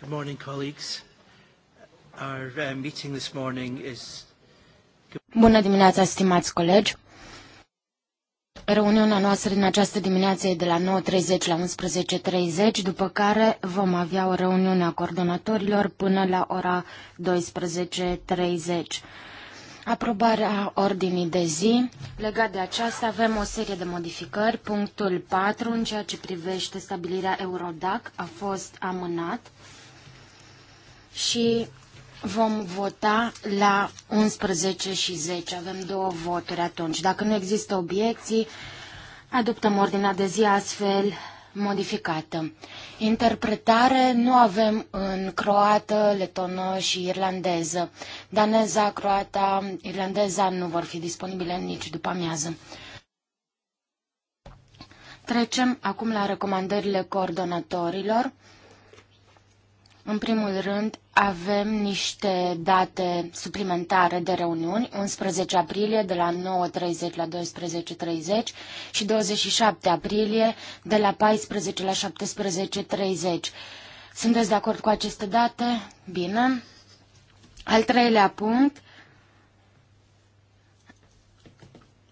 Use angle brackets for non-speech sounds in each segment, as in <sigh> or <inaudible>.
Good morning, colleagues. Our uh, meeting this morning is... Bună dimineața, stimați colegi! Reuniunea noastră din această dimineață e de la 9.30 la 11.30, după care vom avea o reuniune a coordonatorilor până la ora 12.30. Aprobarea ordinii de zi. Legat de aceasta avem o serie de modificări. Punctul 4 în ceea ce privește stabilirea Eurodac a fost amânat și vom vota la 11 și 10. Avem două voturi atunci. Dacă nu există obiecții, adoptăm ordinea de zi astfel modificată. Interpretare nu avem în croată, letonă și irlandeză. Daneza, croata, irlandeza nu vor fi disponibile nici după amiază. Trecem acum la recomandările coordonatorilor. În primul rând, avem niște date suplimentare de reuniuni, 11 aprilie de la 9.30 la 12.30 și 27 aprilie de la 14 la 17.30. Sunteți de acord cu aceste date? Bine. Al treilea punct,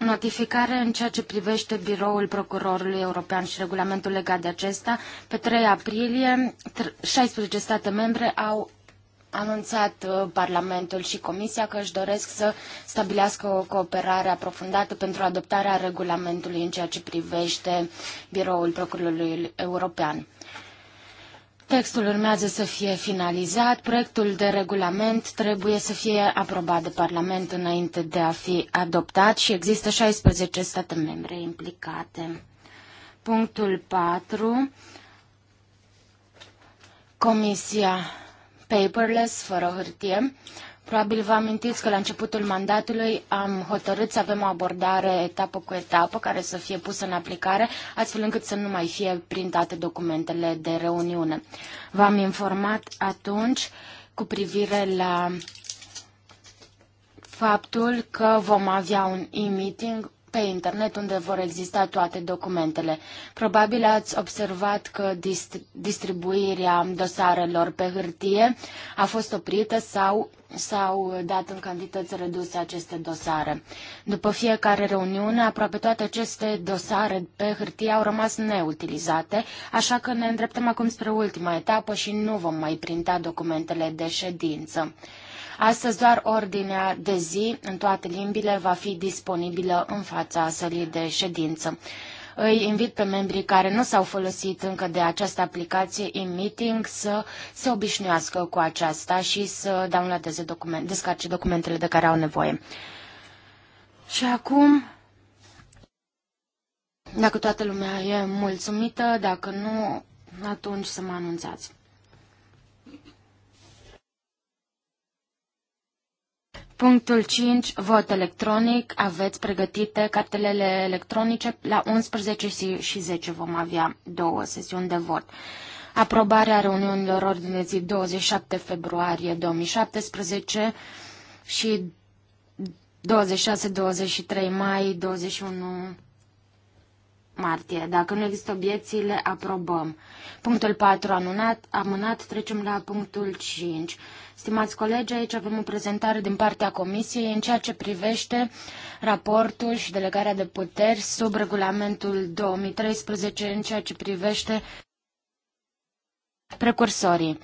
notificare în ceea ce privește biroul procurorului european și regulamentul legat de acesta. Pe 3 aprilie, 16 state membre au anunțat uh, Parlamentul și Comisia că își doresc să stabilească o cooperare aprofundată pentru adoptarea regulamentului în ceea ce privește biroul procurorului european. Textul urmează să fie finalizat, proiectul de regulament trebuie să fie aprobat de Parlament înainte de a fi adoptat și există 16 state membre implicate. Punctul 4. Comisia Paperless, fără hârtie. Probabil vă amintiți că la începutul mandatului am hotărât să avem o abordare etapă cu etapă care să fie pusă în aplicare, astfel încât să nu mai fie printate documentele de reuniune. V-am informat atunci cu privire la faptul că vom avea un e-meeting pe internet unde vor exista toate documentele. Probabil ați observat că dist- distribuirea dosarelor pe hârtie a fost oprită sau s-au dat în cantități reduse aceste dosare. După fiecare reuniune, aproape toate aceste dosare pe hârtie au rămas neutilizate, așa că ne îndreptăm acum spre ultima etapă și nu vom mai printa documentele de ședință. Astăzi doar ordinea de zi în toate limbile va fi disponibilă în fața sălii de ședință. Îi invit pe membrii care nu s-au folosit încă de această aplicație e-meeting să se obișnuiască cu aceasta și să downloadeze document, descarce documentele de care au nevoie. Și acum dacă toată lumea e mulțumită, dacă nu, atunci să mă anunțați. Punctul 5, vot electronic. Aveți pregătite cartelele electronice. La 11 și 10 vom avea două sesiuni de vot. Aprobarea reuniunilor ordine zi 27 februarie 2017 și 26-23 mai 21 martie. Dacă nu există obiecții, le aprobăm. Punctul 4 amânat, amânat trecem la punctul 5. Stimați colegi, aici avem o prezentare din partea Comisiei în ceea ce privește raportul și delegarea de puteri sub regulamentul 2013 în ceea ce privește precursorii.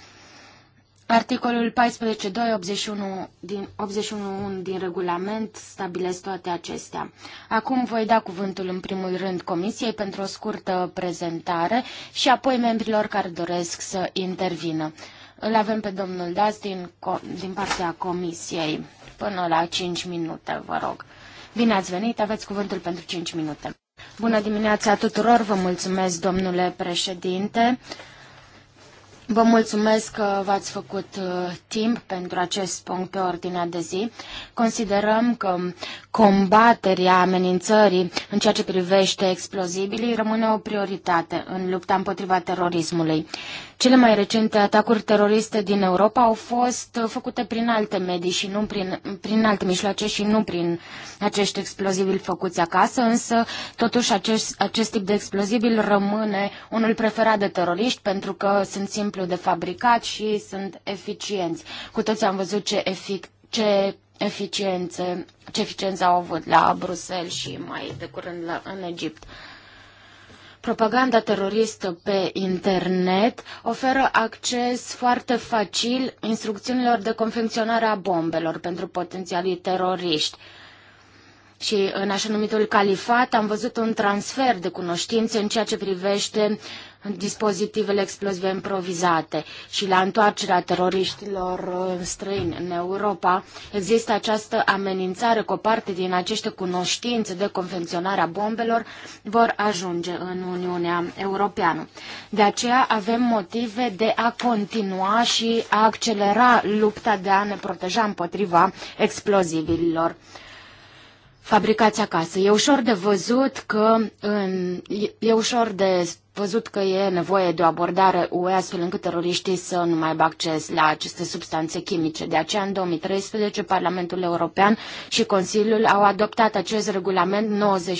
Articolul 14.2.81 din, 81 din regulament stabilesc toate acestea. Acum voi da cuvântul în primul rând Comisiei pentru o scurtă prezentare și apoi membrilor care doresc să intervină. Îl avem pe domnul Daz din, din partea Comisiei până la 5 minute, vă rog. Bine ați venit, aveți cuvântul pentru 5 minute. Bună dimineața tuturor, vă mulțumesc domnule președinte. Uh, Vă mulțumesc că v-ați făcut uh, timp pentru acest punct pe ordinea de zi. Considerăm că combaterea amenințării în ceea ce privește explozibilii rămâne o prioritate în lupta împotriva terorismului. Cele mai recente atacuri teroriste din Europa au fost uh, făcute prin alte medii și nu prin, prin alte mijloace și nu prin acești explozibili făcuți acasă, însă totuși acest, acest tip de explozibil rămâne unul preferat de teroriști pentru că sunt simplu de fabricat și sunt eficienți. Cu toți am văzut ce, efic, ce eficiență ce eficiență au avut la Bruxelles și mai de curând la, în Egipt. Propaganda teroristă pe internet oferă acces foarte facil instrucțiunilor de confecționare a bombelor pentru potențialii teroriști. Și în așa numitul califat am văzut un transfer de cunoștințe în ceea ce privește uh, dispozitivele explozive improvizate și la întoarcerea teroriștilor străini în Europa, există această amenințare că o parte din aceste cunoștințe de convenționare a bombelor vor ajunge în Uniunea Europeană. De aceea avem motive de a continua și a accelera lupta de a ne proteja împotriva explozivilor. fabricați acasă. E ușor de văzut că în, e ușor de văzut că e nevoie de o abordare UE astfel încât teroriștii să nu mai aibă acces la aceste substanțe chimice. De aceea, în 2013, Parlamentul European și Consiliul au adoptat acest regulament 98-2013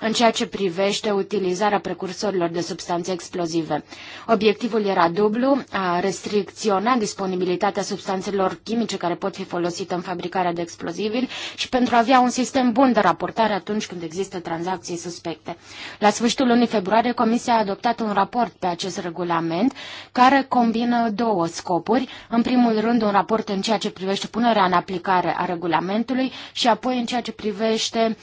în ceea ce privește utilizarea precursorilor de substanțe explozive. Obiectivul era dublu, a restricționa disponibilitatea substanțelor chimice care pot fi folosite în fabricarea de explozibili și pentru a avea un sistem bun de raportare atunci când există tranzacții suspecte. La sfârșitul lunii februarie, Comisia a adoptat un raport pe acest regulament care combină două scopuri. În primul rând, un raport în ceea ce privește punerea în aplicare a regulamentului și apoi în ceea ce privește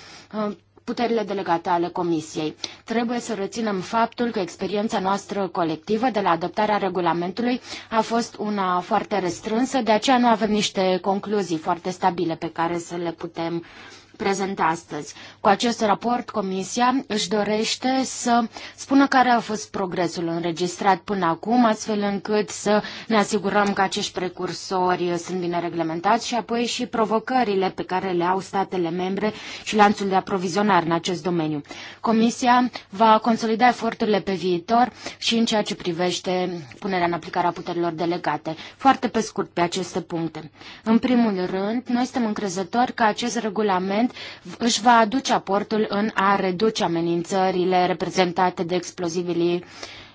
uh, puterile delegate ale Comisiei. Trebuie să reținem faptul că experiența noastră colectivă de la adoptarea regulamentului a fost una foarte restrânsă, de aceea nu avem niște concluzii foarte stabile pe care să le putem uh, prezent astăzi. Cu acest raport, Comisia își dorește să spună care a fost progresul înregistrat până acum, astfel încât să ne asigurăm că acești precursori sunt bine reglementați și apoi și provocările pe care le au statele membre și lanțul de aprovizionare în acest domeniu. Comisia va consolida eforturile pe viitor și în ceea ce privește punerea în aplicare a puterilor delegate. Foarte pe scurt pe aceste puncte. În primul rând, noi suntem încrezători că acest regulament Parlament își va aduce aportul în a reduce amenințările reprezentate de explozibilii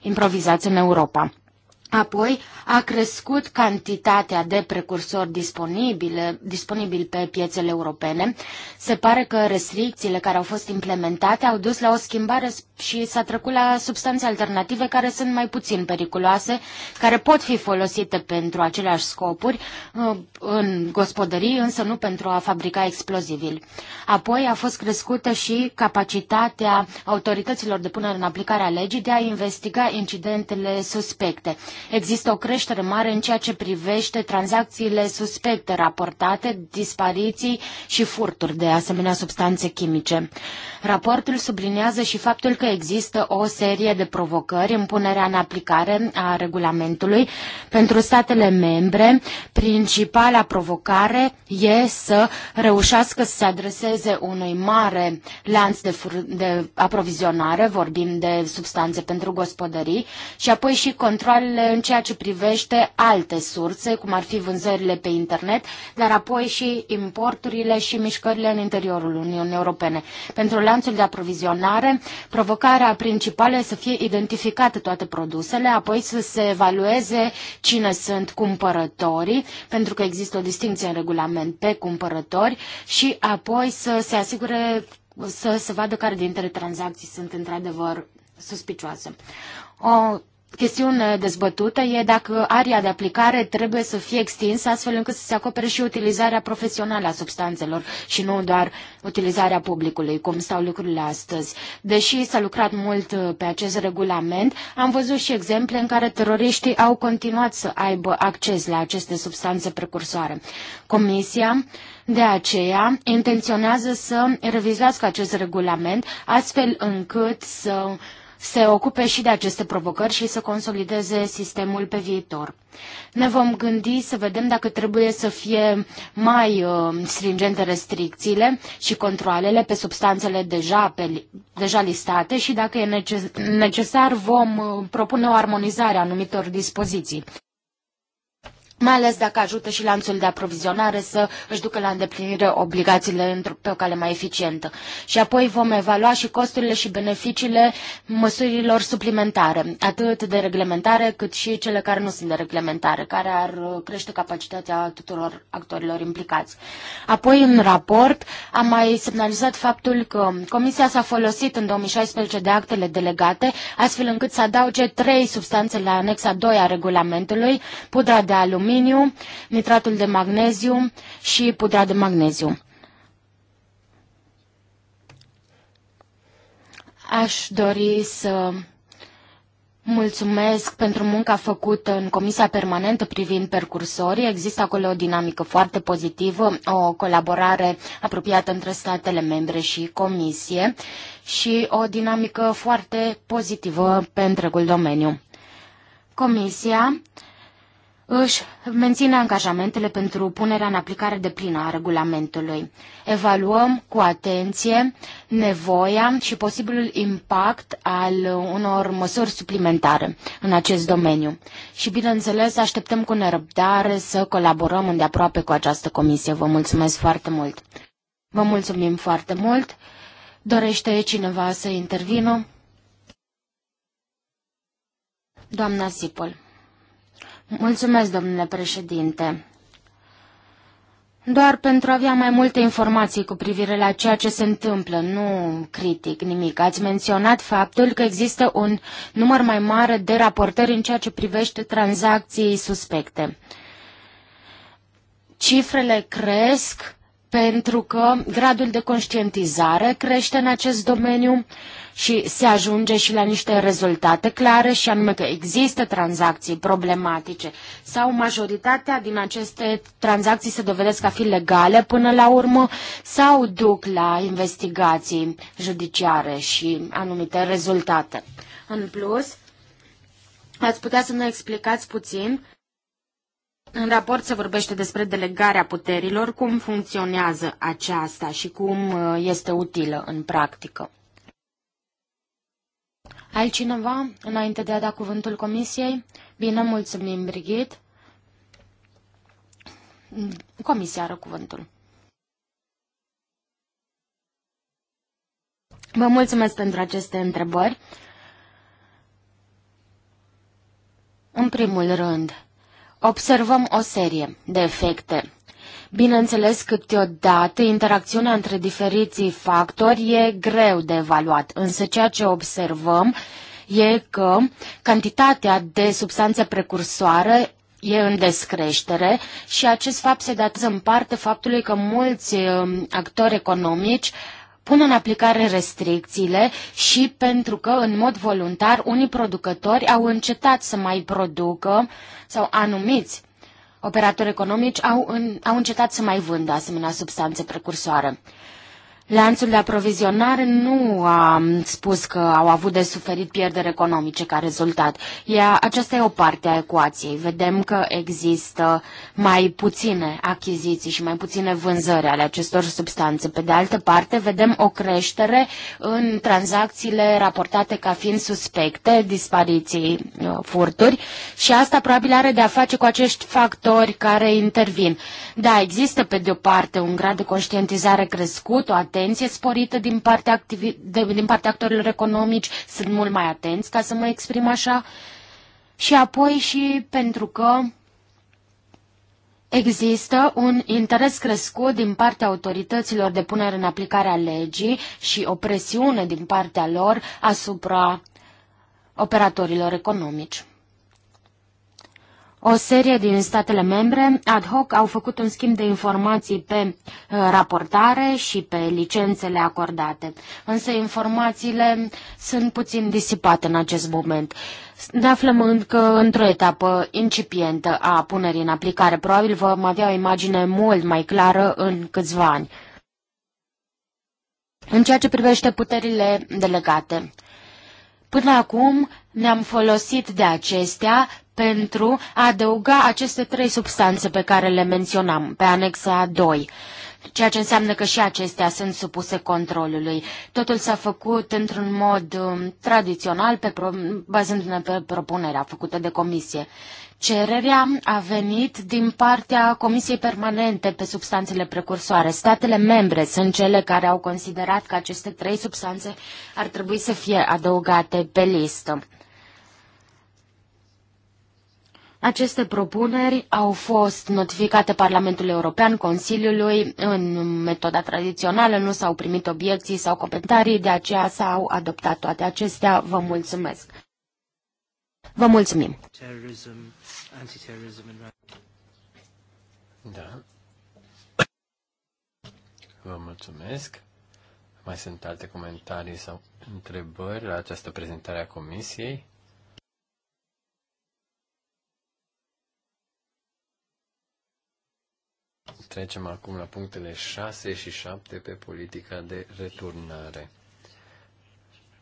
improvizați în Europa. Apoi a crescut cantitatea de precursori disponibile, disponibili pe piețele europene. Se pare că restricțiile care au fost implementate au dus la o schimbare și s-a trecut la substanțe alternative care sunt mai puțin periculoase, care pot fi folosite pentru aceleași scopuri uh, în gospodării, însă nu pentru a fabrica explozibili. Apoi a fost crescută și capacitatea autorităților de punere în aplicare a legii de a investiga incidentele suspecte Există o creștere mare în ceea ce privește tranzacțiile suspecte raportate, dispariții și furturi de asemenea substanțe chimice. Raportul subliniază și faptul că există o serie de provocări în punerea în aplicare a regulamentului pentru statele membre. Principala provocare e să reușească să se adreseze unui mare lanț de, de aprovizionare, vorbim de substanțe pentru gospodării, și apoi și controlele în ceea ce privește alte surse, cum ar fi vânzările pe internet, dar apoi și importurile și mișcările în interiorul Uniunii Europene. Pentru lanțul de aprovizionare, provocarea principală este să fie identificate toate produsele, apoi să se evalueze cine sunt cumpărătorii, pentru că există o distinție în regulament pe cumpărători și apoi să se asigure să se vadă care dintre tranzacții sunt într-adevăr suspicioase. O chestiune dezbătută e dacă aria de aplicare trebuie să fie extinsă astfel încât să se acopere și utilizarea profesională a substanțelor și nu doar utilizarea publicului, cum stau lucrurile astăzi. Deși s-a lucrat mult uh, pe acest regulament, am văzut și exemple în care teroriștii au continuat să aibă acces la aceste substanțe precursoare. Comisia de aceea, intenționează să revizuiască acest regulament astfel încât să uh, se ocupe și de aceste provocări și să consolideze sistemul pe viitor. Ne vom gândi să vedem dacă trebuie să fie mai uh, stringente restricțiile și controlele pe substanțele deja, pe, deja listate și dacă e neces- necesar vom uh, propune o armonizare a anumitor dispoziții mai ales dacă ajută și lanțul de aprovizionare să își ducă la îndeplinire obligațiile pe o cale mai eficientă. Și apoi vom evalua și costurile și beneficiile măsurilor suplimentare, atât de reglementare cât și cele care nu sunt de reglementare, care ar uh, crește capacitatea tuturor actorilor implicați. Apoi, în raport, am mai semnalizat faptul că Comisia s-a folosit în 2016 de actele delegate, astfel încât să adauge trei substanțe la anexa 2 a regulamentului, pudra de aluminiu, aluminiu, nitratul de magneziu și pudra de magneziu. Aș dori să Mulțumesc pentru munca făcută în Comisia Permanentă privind percursorii. Există acolo o dinamică foarte pozitivă, o colaborare apropiată între statele membre și Comisie și o dinamică foarte pozitivă pe întregul domeniu. Comisia își menține angajamentele pentru punerea în aplicare de plină a regulamentului. Evaluăm cu atenție nevoia și posibilul impact al unor măsuri suplimentare în acest domeniu. Și, bineînțeles, așteptăm cu nerăbdare să colaborăm îndeaproape cu această comisie. Vă mulțumesc foarte mult! Vă mulțumim foarte mult! Dorește cineva să intervină? Doamna Sipol. Mulțumesc, domnule președinte. Doar pentru a avea mai multe informații cu privire la ceea ce se întâmplă, nu critic nimic. Ați menționat faptul că există un număr mai mare de raportări în ceea ce privește tranzacții suspecte. Cifrele cresc pentru că gradul de conștientizare crește în acest domeniu și se ajunge și la niște rezultate clare și anume că există tranzacții problematice sau majoritatea din aceste tranzacții se dovedesc a fi legale până la urmă sau duc la investigații judiciare și anumite rezultate. În plus, ați putea să ne explicați puțin în raport se vorbește despre delegarea puterilor, cum funcționează aceasta și cum uh, este utilă în practică. Altcineva, înainte de a da cuvântul comisiei? Bine, mulțumim, Brigit. Comisia are cuvântul. Vă mulțumesc pentru aceste întrebări. În primul rând, observăm o serie de efecte. Bineînțeles, câteodată interacțiunea între diferiții factori e greu de evaluat, însă ceea ce observăm e că cantitatea de substanțe precursoare e în descreștere și acest fapt se datează în parte faptului că mulți um, actori economici pun în aplicare restricțiile și pentru că, în mod voluntar, unii producători au încetat să mai producă sau anumiți operatori economici au, în, au încetat să mai vândă asemenea substanțe precursoare. Lanțul de aprovizionare nu a spus că au avut de suferit pierderi economice ca rezultat. Ea, aceasta e o parte a ecuației. Vedem că există mai puține achiziții și mai puține vânzări ale acestor substanțe. Pe de altă parte, vedem o creștere în tranzacțiile raportate ca fiind suspecte, dispariții, uh, furturi și asta probabil are de a face cu acești factori care intervin. Da, există pe de o parte un grad de conștientizare crescut, o atenție atenție sporită din partea, activi- de, din partea actorilor economici, sunt mult mai atenți, ca să mă exprim așa, și apoi și pentru că Există un interes crescut din partea autorităților de punere în aplicare a legii și o presiune din partea lor asupra operatorilor economici. O serie din statele membre ad hoc au făcut un schimb de informații pe uh, raportare și pe licențele acordate, însă informațiile sunt puțin disipate în acest moment. Ne aflăm încă într-o etapă incipientă a punerii în aplicare. Probabil vom avea o imagine mult mai clară în câțiva ani. În ceea ce privește puterile delegate, Până acum ne-am folosit de acestea pentru a adăuga aceste trei substanțe pe care le menționam pe anexa 2 ceea ce înseamnă că și acestea sunt supuse controlului. Totul s-a făcut într-un mod um, tradițional, pe pro- bazându-ne pe propunerea făcută de comisie. Cererea a venit din partea Comisiei Permanente pe substanțele precursoare. Statele membre sunt cele care au considerat că aceste trei substanțe ar trebui să fie adăugate pe listă. Aceste propuneri au fost notificate Parlamentului European, Consiliului, în metoda tradițională, nu s-au primit obiecții sau comentarii, de aceea s-au adoptat toate acestea. Vă mulțumesc! Vă mulțumim! da. Vă mulțumesc. Mai sunt alte comentarii sau întrebări la această prezentare a Comisiei? Trecem acum la punctele 6 și 7 pe politica de returnare.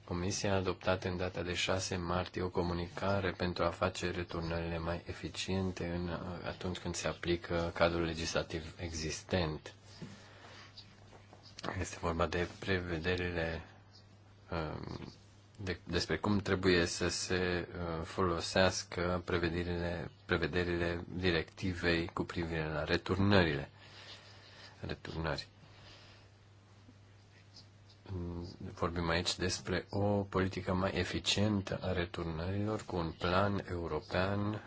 Comisia a adoptat în data de 6 martie o comunicare pentru a face returnările mai eficiente în, atunci când se aplică cadrul legislativ existent. Este vorba de prevederile um, de, despre cum trebuie să se uh, folosească prevederile, prevederile directivei cu privire la returnările. Returnări. Vorbim aici despre o politică mai eficientă a returnărilor cu un plan european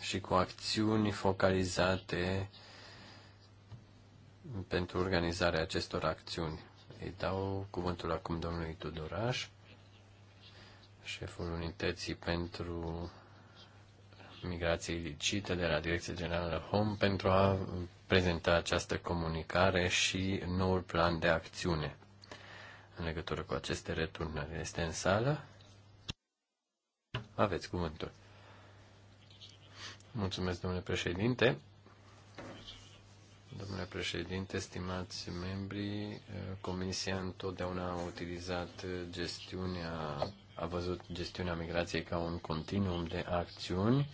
și cu acțiuni focalizate pentru organizarea acestor acțiuni. Îi dau cuvântul acum domnului Tudoraș șeful unității pentru migrație ilicită de la Direcția Generală Home pentru a prezenta această comunicare și noul plan de acțiune în legătură cu aceste returnări. Este în sală? Aveți cuvântul. Mulțumesc, domnule președinte. Domnule președinte, stimați membri, Comisia întotdeauna a utilizat gestiunea a văzut gestiunea migrației ca un continuum de acțiuni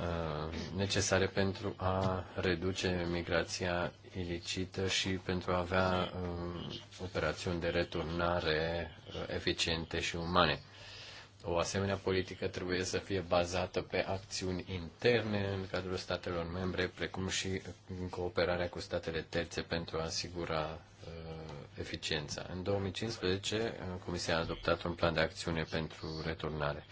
uh, necesare pentru a reduce migrația ilicită și pentru a avea uh, operațiuni de returnare uh, eficiente și umane. O asemenea politică trebuie să fie bazată pe acțiuni interne în cadrul statelor membre, precum și în cooperarea cu statele terțe pentru a asigura uh, eficiența. În 2015, uh, Comisia a adoptat un plan de acțiune pentru returnare.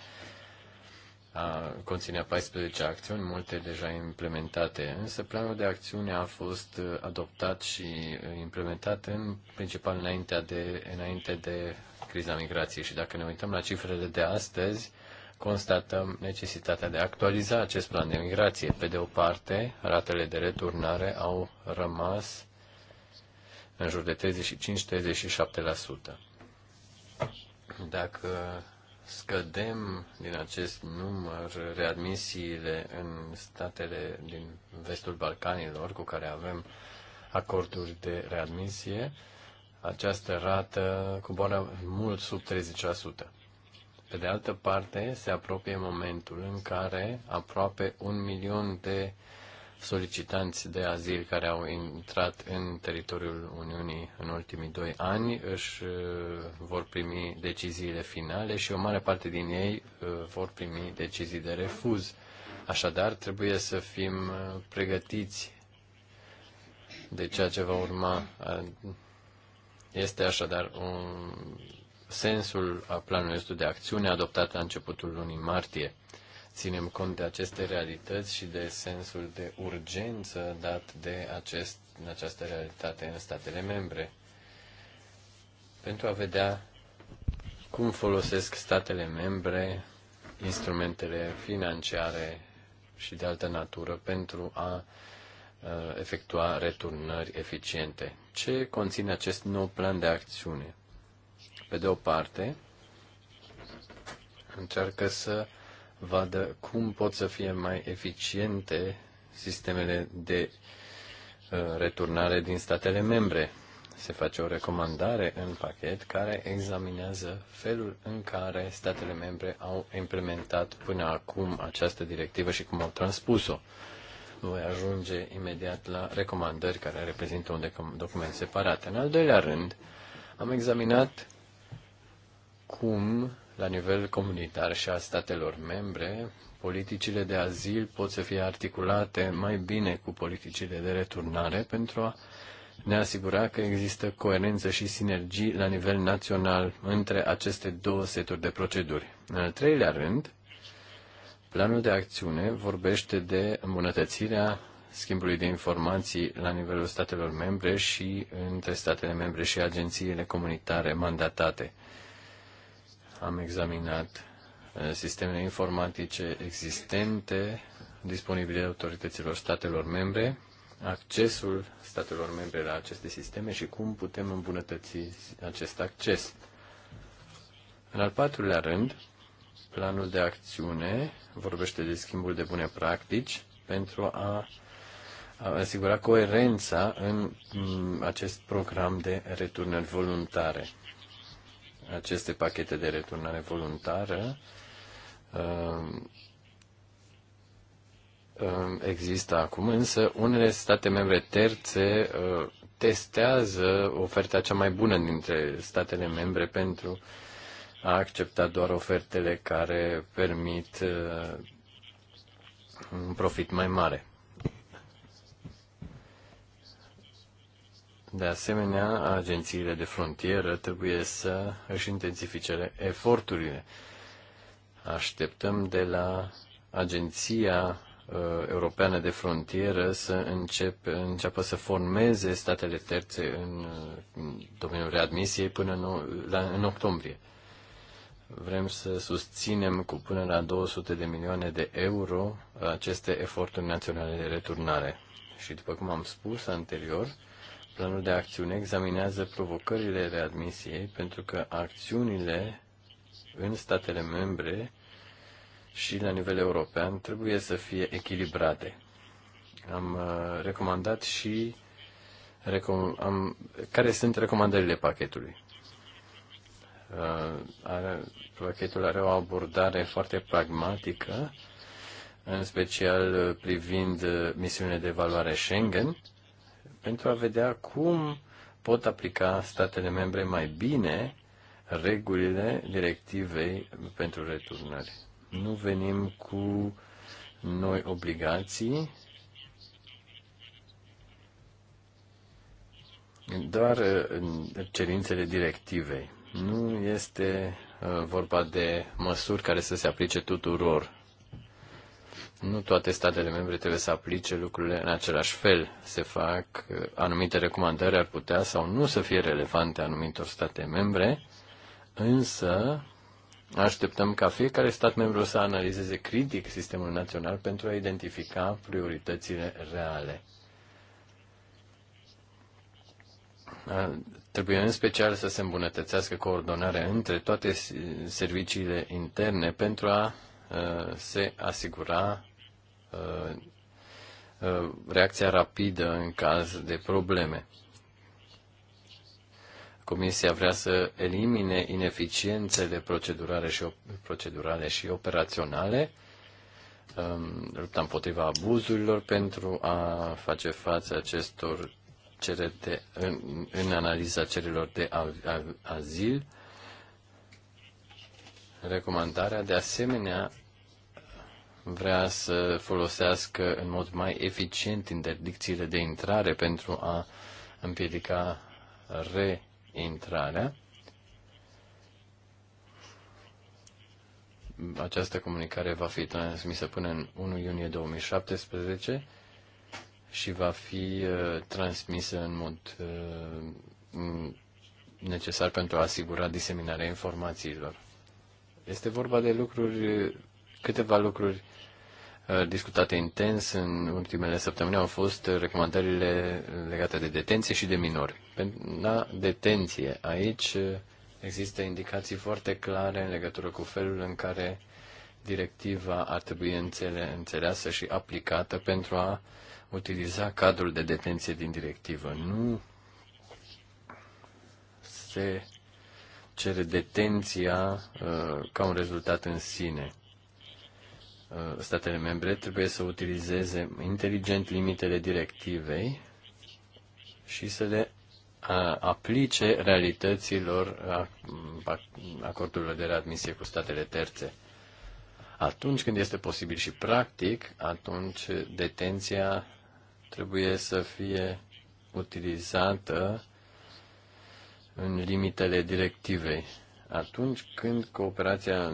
A, conținea 14 acțiuni, multe deja implementate, însă planul de acțiune a fost uh, adoptat și uh, implementat în principal înainte de, înainte de criza migrației. Și dacă ne uităm la cifrele de astăzi, constatăm necesitatea de a actualiza acest plan de migrație. Pe de o parte, ratele de returnare au rămas în jur de 35-37%. Dacă scădem din acest număr readmisiile în statele din vestul Balcanilor cu care avem acorduri de readmisie, această rată coboară mult sub 30%. Pe de altă parte, se apropie momentul în care aproape un milion de uh, solicitanți de azil care au intrat în teritoriul Uniunii în ultimii doi ani își uh, vor primi deciziile finale și o mare parte din ei uh, vor primi decizii de refuz. Așadar, trebuie să fim uh, pregătiți de ceea ce va urma. Este așadar un sensul a planului de acțiune adoptat la începutul lunii martie ținem cont de aceste realități și de sensul de urgență dat de acest, această realitate în statele membre. Pentru a vedea cum folosesc statele membre instrumentele financiare și de altă natură pentru a uh, efectua returnări eficiente. Ce conține acest nou plan de acțiune? Pe de o parte, încearcă să uh, vadă cum pot să fie mai eficiente sistemele de uh, returnare din statele membre. Se face o recomandare în pachet care examinează felul în care statele membre au implementat până acum această directivă și cum au transpus-o. Voi ajunge imediat la recomandări care reprezintă un document separat. În al doilea rând, am examinat cum la nivel comunitar și a statelor membre, politicile de azil pot să fie articulate mai bine cu politicile de returnare pentru a ne asigura că există coerență și sinergii la nivel național între aceste două seturi de proceduri. În al treilea rând, planul de acțiune vorbește de îmbunătățirea schimbului de informații la nivelul statelor membre și între statele membre și agențiile comunitare mandatate – am examinat uh, sistemele informatice existente disponibile autorităților statelor membre, accesul statelor membre la aceste sisteme și cum putem îmbunătăți acest acces. În al patrulea rând, planul de acțiune vorbește de schimbul de bune practici pentru a asigura coerența în mm, acest program de returnări voluntare aceste pachete de returnare voluntară, ehm, ehm, există acum, însă unele state membre terțe ehm, testează oferta cea mai bună dintre statele membre pentru a accepta doar ofertele care permit un profit mai mare. De asemenea, agențiile de frontieră trebuie să își intensifice eforturile. Așteptăm de la Agenția uh, Europeană de Frontieră să începe, înceapă să formeze statele terțe în domeniul readmisiei până în, la, în octombrie. Vrem să susținem cu până la 200 de milioane de euro aceste eforturi naționale de returnare. Și după cum am spus anterior, Planul de acțiune examinează provocările readmisiei pentru că acțiunile în statele membre și la nivel european trebuie să fie echilibrate. Am uh, recomandat și recom- am, care sunt recomandările pachetului. Uh, are, pachetul are o abordare foarte pragmatică, în special privind uh, misiunile de evaluare Schengen, pentru a vedea cum pot aplica statele membre mai bine regulile directivei pentru returnări. Nu venim cu noi obligații, doar cerințele directivei. Nu este uh, vorba de măsuri care să se aplice tuturor nu toate statele membre trebuie să aplice lucrurile în același fel. Se fac uh, anumite recomandări, ar putea sau nu să fie relevante anumitor state membre, însă așteptăm ca fiecare stat membru să analizeze critic sistemul național pentru a identifica prioritățile reale. Trebuie în special să se îmbunătățească coordonarea între toate serviciile interne pentru a se asigura Uh, uh, reacția rapidă în caz de probleme. Comisia vrea să elimine ineficiențele procedurale și, procedurale și operaționale, um, lupta împotriva abuzurilor pentru a face față acestor cerete de, în, în analiza cererilor de azil. Recomandarea de asemenea vrea să folosească în mod mai eficient interdicțiile de intrare pentru a împiedica reintrarea. Această comunicare va fi transmisă până în 1 iunie 2017 și va fi uh, transmisă în mod uh, necesar pentru a asigura diseminarea informațiilor. Este vorba de lucruri, câteva lucruri Uh, discutate intens în ultimele săptămâni au fost recomandările legate de detenție și de minori. La detenție, aici uh, există indicații foarte clare în legătură cu felul în care directiva ar trebui înțele, înțeleasă și aplicată pentru a utiliza cadrul de detenție din directivă. Nu se cere detenția uh, ca un rezultat în sine Uh, statele membre trebuie să utilizeze inteligent limitele directivei și să le uh, aplice realităților uh, acordurilor de readmisie cu statele terțe. Atunci când este posibil și practic, atunci detenția trebuie să fie utilizată în limitele directivei. Atunci când cooperația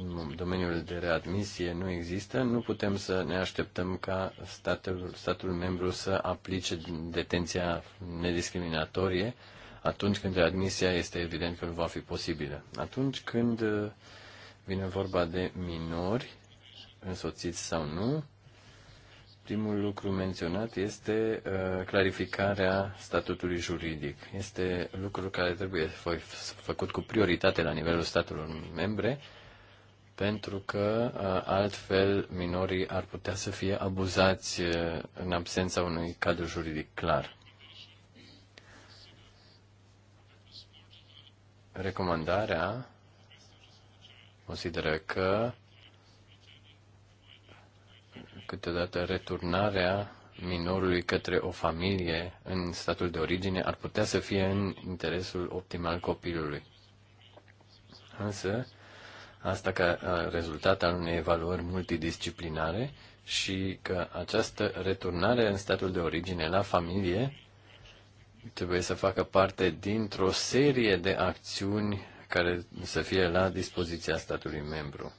în domeniul de readmisie nu există, nu putem să ne așteptăm ca statul, statul membru să aplice detenția nediscriminatorie atunci când readmisia este evident că nu va fi posibilă. Atunci când uh, vine vorba de minori, însoțiți sau nu, primul lucru menționat este uh, clarificarea statutului juridic. Este lucru care trebuie făcut cu prioritate la nivelul statelor membre, pentru că altfel minorii ar putea să fie abuzați în absența unui cadru juridic clar. Recomandarea consideră că câteodată returnarea minorului către o familie în statul de origine ar putea să fie în interesul optim al copilului. Însă, Asta ca rezultat al unei evaluări multidisciplinare și că această returnare în statul de origine la familie trebuie să facă parte dintr-o serie de acțiuni care să fie la dispoziția statului membru.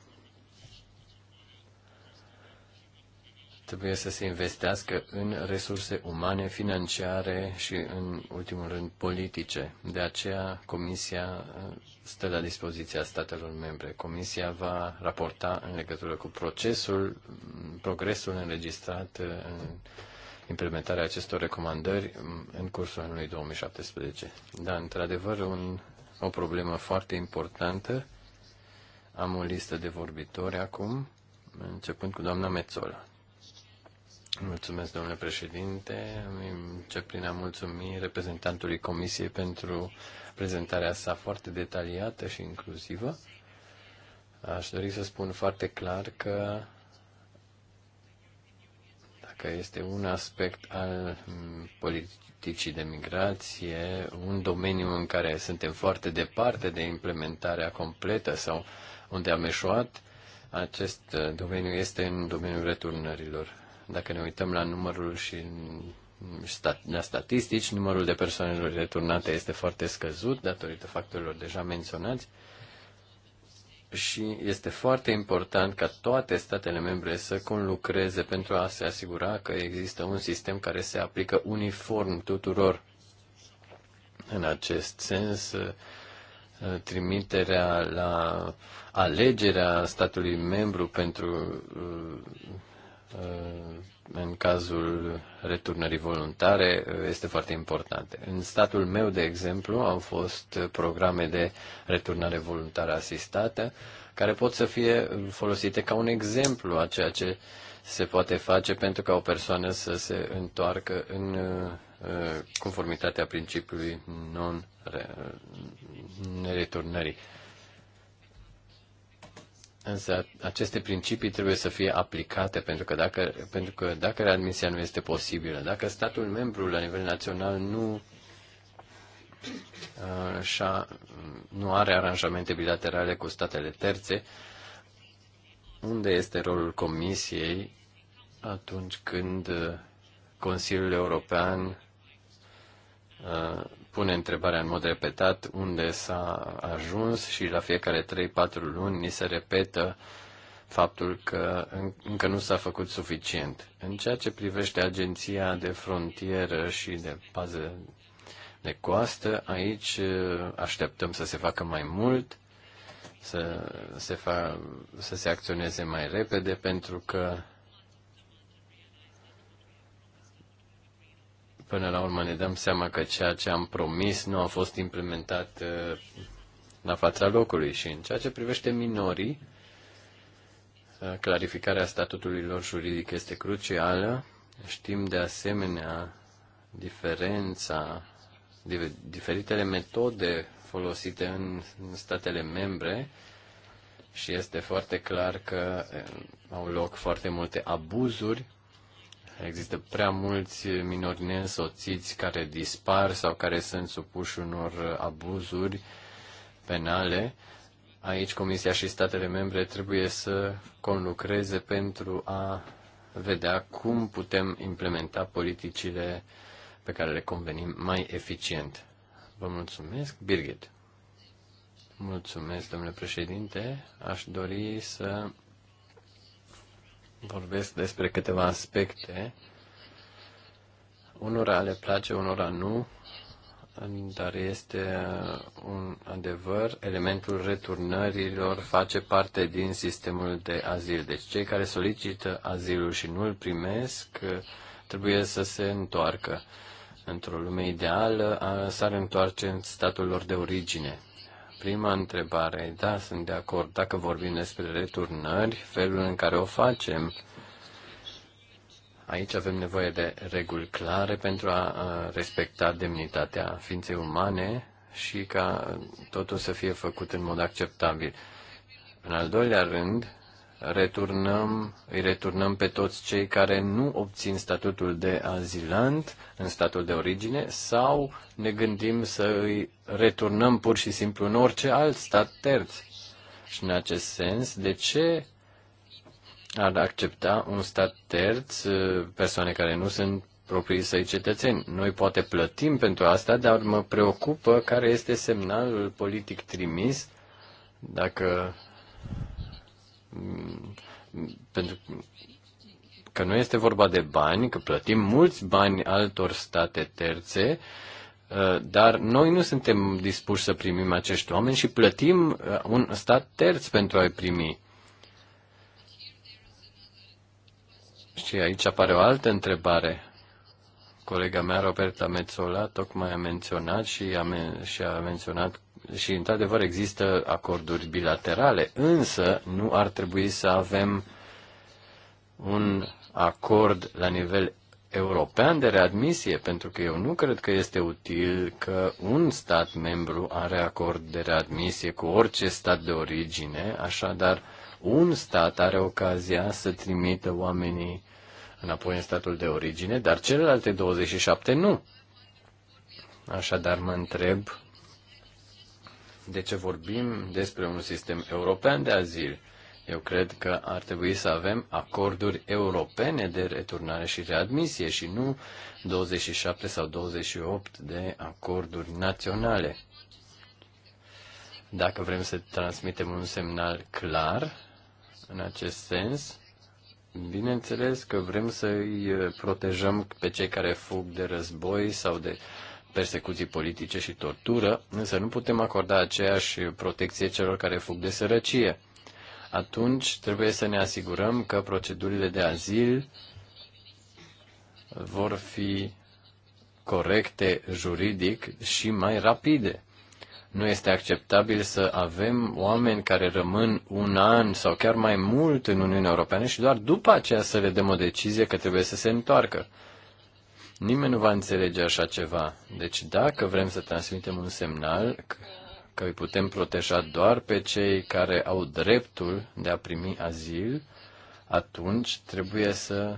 Trebuie să se investească în resurse umane, financiare și, în ultimul rând, politice. De aceea, Comisia stă la dispoziția statelor membre. Comisia va raporta în legătură cu procesul, progresul înregistrat uh, în implementarea acestor recomandări um, în cursul anului 2017. Da, într-adevăr, un, o problemă foarte importantă. Am o listă de vorbitori acum, începând cu doamna Mețola. Mulțumesc, domnule președinte. Încep prin a mulțumi reprezentantului Comisiei pentru prezentarea sa foarte detaliată și inclusivă. Aș dori să spun foarte clar că dacă este un aspect al politicii de migrație, un domeniu în care suntem foarte departe de implementarea completă sau unde am eșuat, acest domeniu este în domeniul returnărilor. Dacă ne uităm la numărul și la statistici, numărul de persoanelor returnate este foarte scăzut datorită factorilor deja menționați și este foarte important ca toate statele membre să conlucreze pentru a se asigura că există un sistem care se aplică uniform tuturor. În acest sens, trimiterea la alegerea statului membru pentru uh, uh, în cazul returnării voluntare este foarte important. În statul meu, de exemplu, au fost programe de returnare voluntară asistată care pot să fie folosite ca un exemplu a ceea ce se poate face pentru ca o persoană să se întoarcă în uh, conformitatea principiului non-returnării. Uh, Însă aceste principii trebuie să fie aplicate, pentru că dacă, pentru că dacă readmisia nu este posibilă, dacă statul membru la nivel național nu, așa, uh, nu are aranjamente bilaterale cu statele terțe, unde este rolul Comisiei atunci când uh, Consiliul European uh, pune întrebarea în mod repetat unde s-a ajuns și la fiecare 3-4 luni ni se repetă faptul că încă nu s-a făcut suficient. În ceea ce privește agenția de frontieră și de pază de coastă, aici eh, așteptăm să se facă mai mult, să se, fa- să se acționeze mai repede, pentru că până la urmă ne dăm seama că ceea ce am promis nu a fost implementat uh, la fața locului și în ceea ce privește minorii, uh, clarificarea statutului lor juridic este crucială. Știm de asemenea diferența, diferitele metode folosite în statele membre și este foarte clar că uh, au loc foarte multe abuzuri Există prea mulți minori nesoțiți care dispar sau care sunt supuși unor abuzuri penale. Aici Comisia și statele membre trebuie să conlucreze pentru a vedea cum putem implementa politicile pe care le convenim mai eficient. Vă mulțumesc, Birgit. Mulțumesc, domnule președinte. Aș dori să vorbesc despre câteva aspecte. Unora le place, unora nu, dar este un adevăr, elementul returnărilor face parte din sistemul de azil. Deci cei care solicită azilul și nu îl primesc trebuie să se întoarcă. Într-o lume ideală s-ar întoarce în statul lor de origine prima întrebare, da, sunt de acord. Dacă vorbim despre returnări, felul în care o facem, aici avem nevoie de reguli clare pentru a respecta demnitatea ființei umane și ca totul să fie făcut în mod acceptabil. În al doilea rând, returnăm, îi returnăm pe toți cei care nu obțin statutul de azilant în statul de origine sau ne gândim să îi returnăm pur și simplu în orice alt stat terț. Și în acest sens, de ce ar accepta un stat terț persoane care nu sunt proprii săi cetățeni. Noi poate plătim pentru asta, dar mă preocupă care este semnalul politic trimis dacă pentru că nu este vorba de bani, că plătim mulți bani altor state terțe, uh, dar noi nu suntem dispuși să primim acești oameni și plătim uh, un stat terț pentru a-i primi. Și aici apare o altă întrebare. Colega mea, Roberta Mezzola, tocmai a menționat și a, men- și a menționat și într-adevăr există acorduri bilaterale, însă nu ar trebui să avem un acord la nivel european de readmisie, pentru că eu nu cred că este util că un stat membru are acord de readmisie cu orice stat de origine, așadar un stat are ocazia să trimită oamenii înapoi în statul de origine, dar celelalte 27 nu. Așadar mă întreb de ce vorbim despre un sistem european de azil. Eu cred că ar trebui să avem acorduri europene de returnare și readmisie și nu 27 sau 28 de acorduri naționale. Dacă vrem să transmitem un semnal clar în acest sens, bineînțeles că vrem să îi protejăm pe cei care fug de război sau de uh, persecuții politice și tortură, însă nu putem acorda aceeași protecție celor care fug de sărăcie. Atunci trebuie să ne asigurăm că procedurile de azil vor fi corecte juridic și mai rapide. Nu este acceptabil să avem oameni care rămân un an sau chiar mai mult în Uniunea Europeană și doar după aceea să le dăm o decizie că trebuie să se întoarcă. Nimeni nu va înțelege așa ceva. Deci dacă vrem să transmitem un semnal că îi putem proteja doar pe cei care au dreptul de a primi azil, atunci trebuie să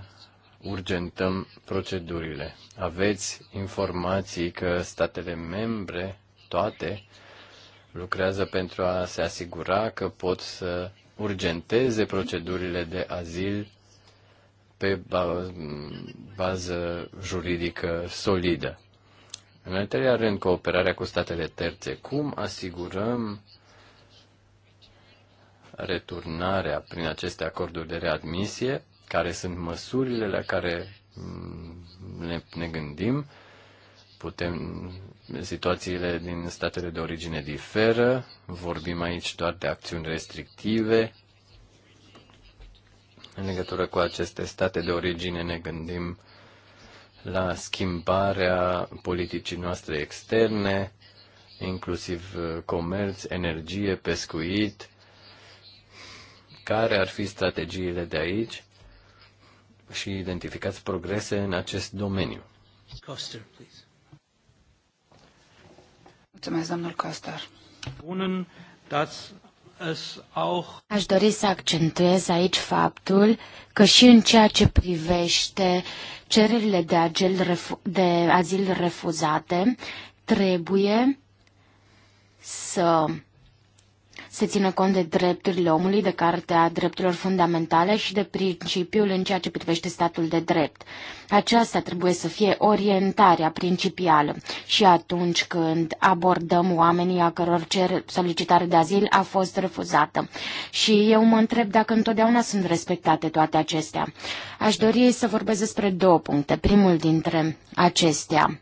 urgentăm procedurile. Aveți informații că statele membre, toate, lucrează pentru a se asigura că pot să urgenteze procedurile de azil pe bază juridică solidă. În al treilea rând, cooperarea cu statele terțe. Cum asigurăm returnarea prin aceste acorduri de readmisie? Care sunt măsurile la care mm, ne, ne gândim? Putem, situațiile din statele de origine diferă, vorbim aici doar de acțiuni restrictive, în legătură cu aceste state de origine ne gândim la schimbarea politicii noastre externe, inclusiv uh, comerț, energie, pescuit, care ar fi strategiile de aici și identificați progrese în acest domeniu. Coster, please. Mulțumesc, domnul Costar. Unul, dați Aș dori să accentuez aici faptul că și în ceea ce privește cererile de, agel refu- de azil refuzate, trebuie să se țină cont de drepturile omului, de Cartea Drepturilor Fundamentale și de principiul în ceea ce privește statul de drept. Aceasta trebuie să fie orientarea principială și atunci când abordăm oamenii a căror cer solicitare de azil a fost refuzată. Și eu mă întreb dacă întotdeauna sunt respectate toate acestea. Aș dori să vorbesc despre două puncte. Primul dintre acestea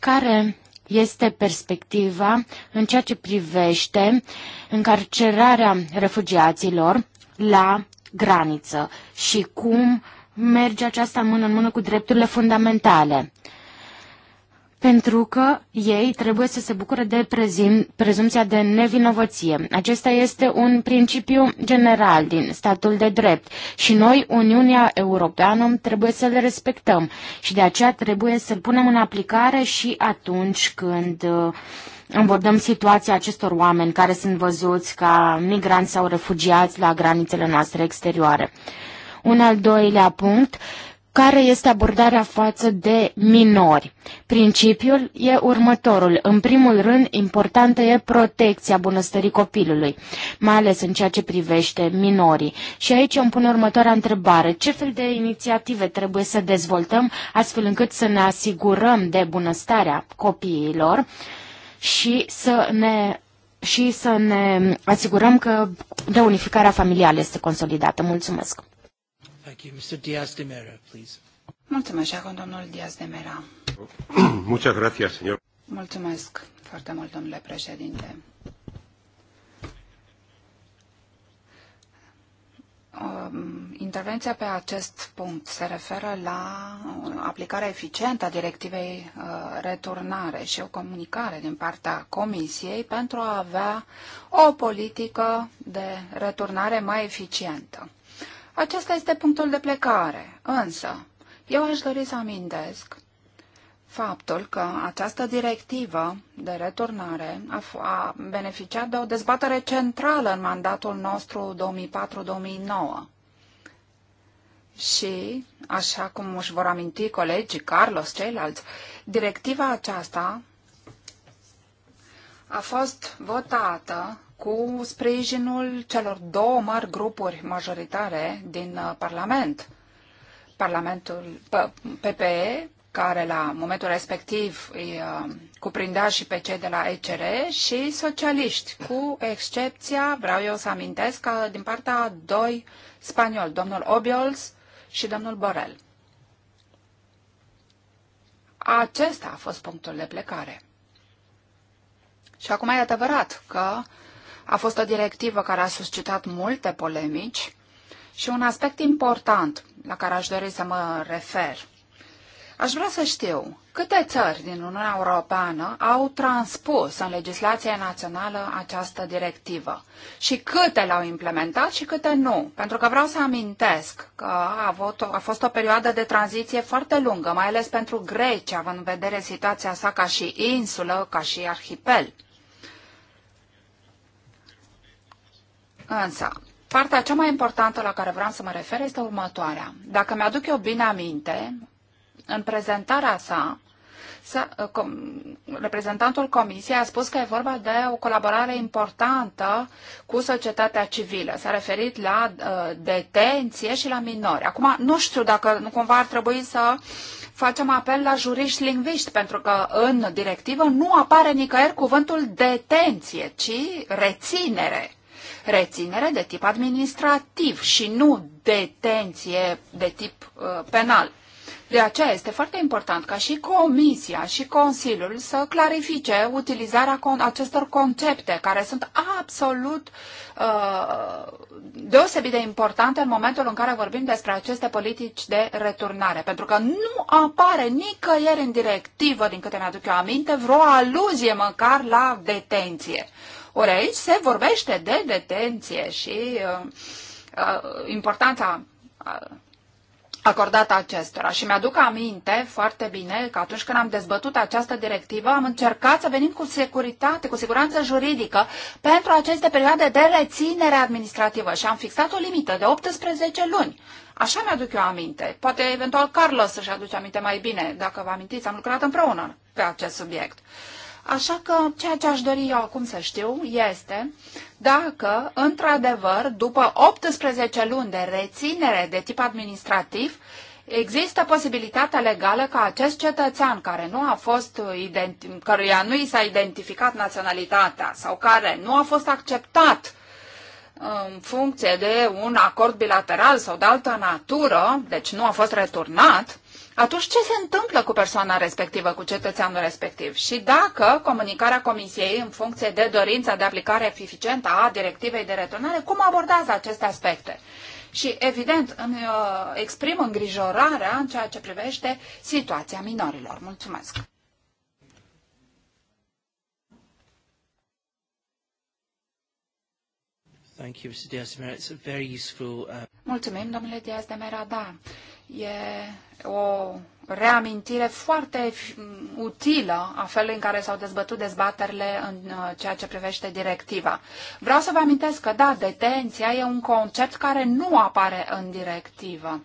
care este perspectiva în ceea ce privește încarcerarea refugiaților la graniță și cum merge aceasta mână în mână cu drepturile fundamentale pentru că ei trebuie să se bucure de prezim, prezumția de nevinovăție. Acesta este un principiu general din statul de drept și noi, Uniunea Europeană, trebuie să le respectăm și de aceea trebuie să-l punem în aplicare și atunci când uh, abordăm situația acestor oameni care sunt văzuți ca migranți sau refugiați la granițele noastre exterioare. Un al doilea punct care este abordarea față de minori. Principiul e următorul. În primul rând, importantă e protecția bunăstării copilului, mai ales în ceea ce privește minorii. Și aici îmi pun următoarea întrebare. Ce fel de inițiative trebuie să dezvoltăm astfel încât să ne asigurăm de bunăstarea copiilor și să ne și să ne asigurăm că reunificarea familială este consolidată. Mulțumesc! Mulțumesc, acum domnul Diaz de Mera. <clears throat> Muchas gracias, señor. Mulțumesc foarte mult, domnule președinte. Um, intervenția pe acest punct se referă la aplicarea eficientă a directivei uh, returnare și o comunicare din partea Comisiei pentru a avea o politică de returnare mai eficientă. Acesta este punctul de plecare, însă eu aș dori să amintesc faptul că această directivă de returnare a, a beneficiat de o dezbatere centrală în mandatul nostru 2004-2009. Și, așa cum își vor aminti colegii Carlos, ceilalți, directiva aceasta a fost votată cu sprijinul celor două mari grupuri majoritare din uh, Parlament. Parlamentul PPE, care la momentul respectiv îi uh, cuprindea și pe cei de la ECR și socialiști, cu excepția, vreau eu să amintesc, că uh, din partea a doi spanioli, domnul Obiols și domnul Borel. Acesta a fost punctul de plecare. Și acum e adevărat că uh, a fost o directivă care a suscitat multe polemici și un aspect important la care aș dori să mă refer. Aș vrea să știu câte țări din Uniunea Europeană au transpus în legislația națională această directivă și câte l-au implementat și câte nu. Pentru că vreau să amintesc că a, avut, a fost o perioadă de tranziție foarte lungă, mai ales pentru Grecia, având în vedere situația sa ca și insulă, ca și arhipel. Însă, partea cea mai importantă la care vreau să mă refer este următoarea. Dacă mi-aduc eu bine aminte, în prezentarea sa, reprezentantul Comisiei a spus că e vorba de o colaborare importantă cu societatea civilă. S-a referit la uh, detenție și la minori. Acum, nu știu dacă nu cumva ar trebui să facem apel la juriști lingviști, pentru că în directivă nu apare nicăieri cuvântul detenție, ci reținere reținere de tip administrativ și nu detenție de tip uh, penal. De aceea este foarte important ca și Comisia și Consiliul să clarifice utilizarea con- acestor concepte care sunt absolut uh, deosebit de importante în momentul în care vorbim despre aceste politici de returnare, pentru că nu apare nicăieri în directivă, din câte mi-aduc eu aminte, vreo aluzie măcar la detenție. Ori aici se vorbește de detenție și uh, uh, importanța uh, acordată acestora. Și mi-aduc aminte foarte bine că atunci când am dezbătut această directivă, am încercat să venim cu securitate, cu siguranță juridică pentru aceste perioade de reținere administrativă și am fixat o limită de 18 luni. Așa mi-aduc eu aminte. Poate eventual Carlos să-și aduce aminte mai bine. Dacă vă amintiți, am lucrat împreună pe acest subiect. Uh, Așa că ceea ce aș dori eu acum să știu este dacă, într-adevăr, după 18 luni de reținere de tip administrativ, Există posibilitatea legală ca acest cetățean care nu a fost căruia nu i s-a identificat naționalitatea sau care nu a fost acceptat în funcție de un acord bilateral sau de altă natură, deci nu a fost returnat, atunci ce se întâmplă cu persoana respectivă, cu cetățeanul respectiv? Și dacă comunicarea Comisiei, în funcție de dorința de aplicare eficientă a directivei de returnare, cum abordează aceste aspecte? Și, evident, îmi uh, exprim îngrijorarea în ceea ce privește situația minorilor. Mulțumesc! Uh, Mulțumim, domnule Diaz de Mera, da. E o reamintire foarte utilă a felului în care s-au dezbătut dezbaterile în uh, ceea ce privește directiva. Vreau să vă amintesc că, da, detenția e un concept care nu apare în directivă.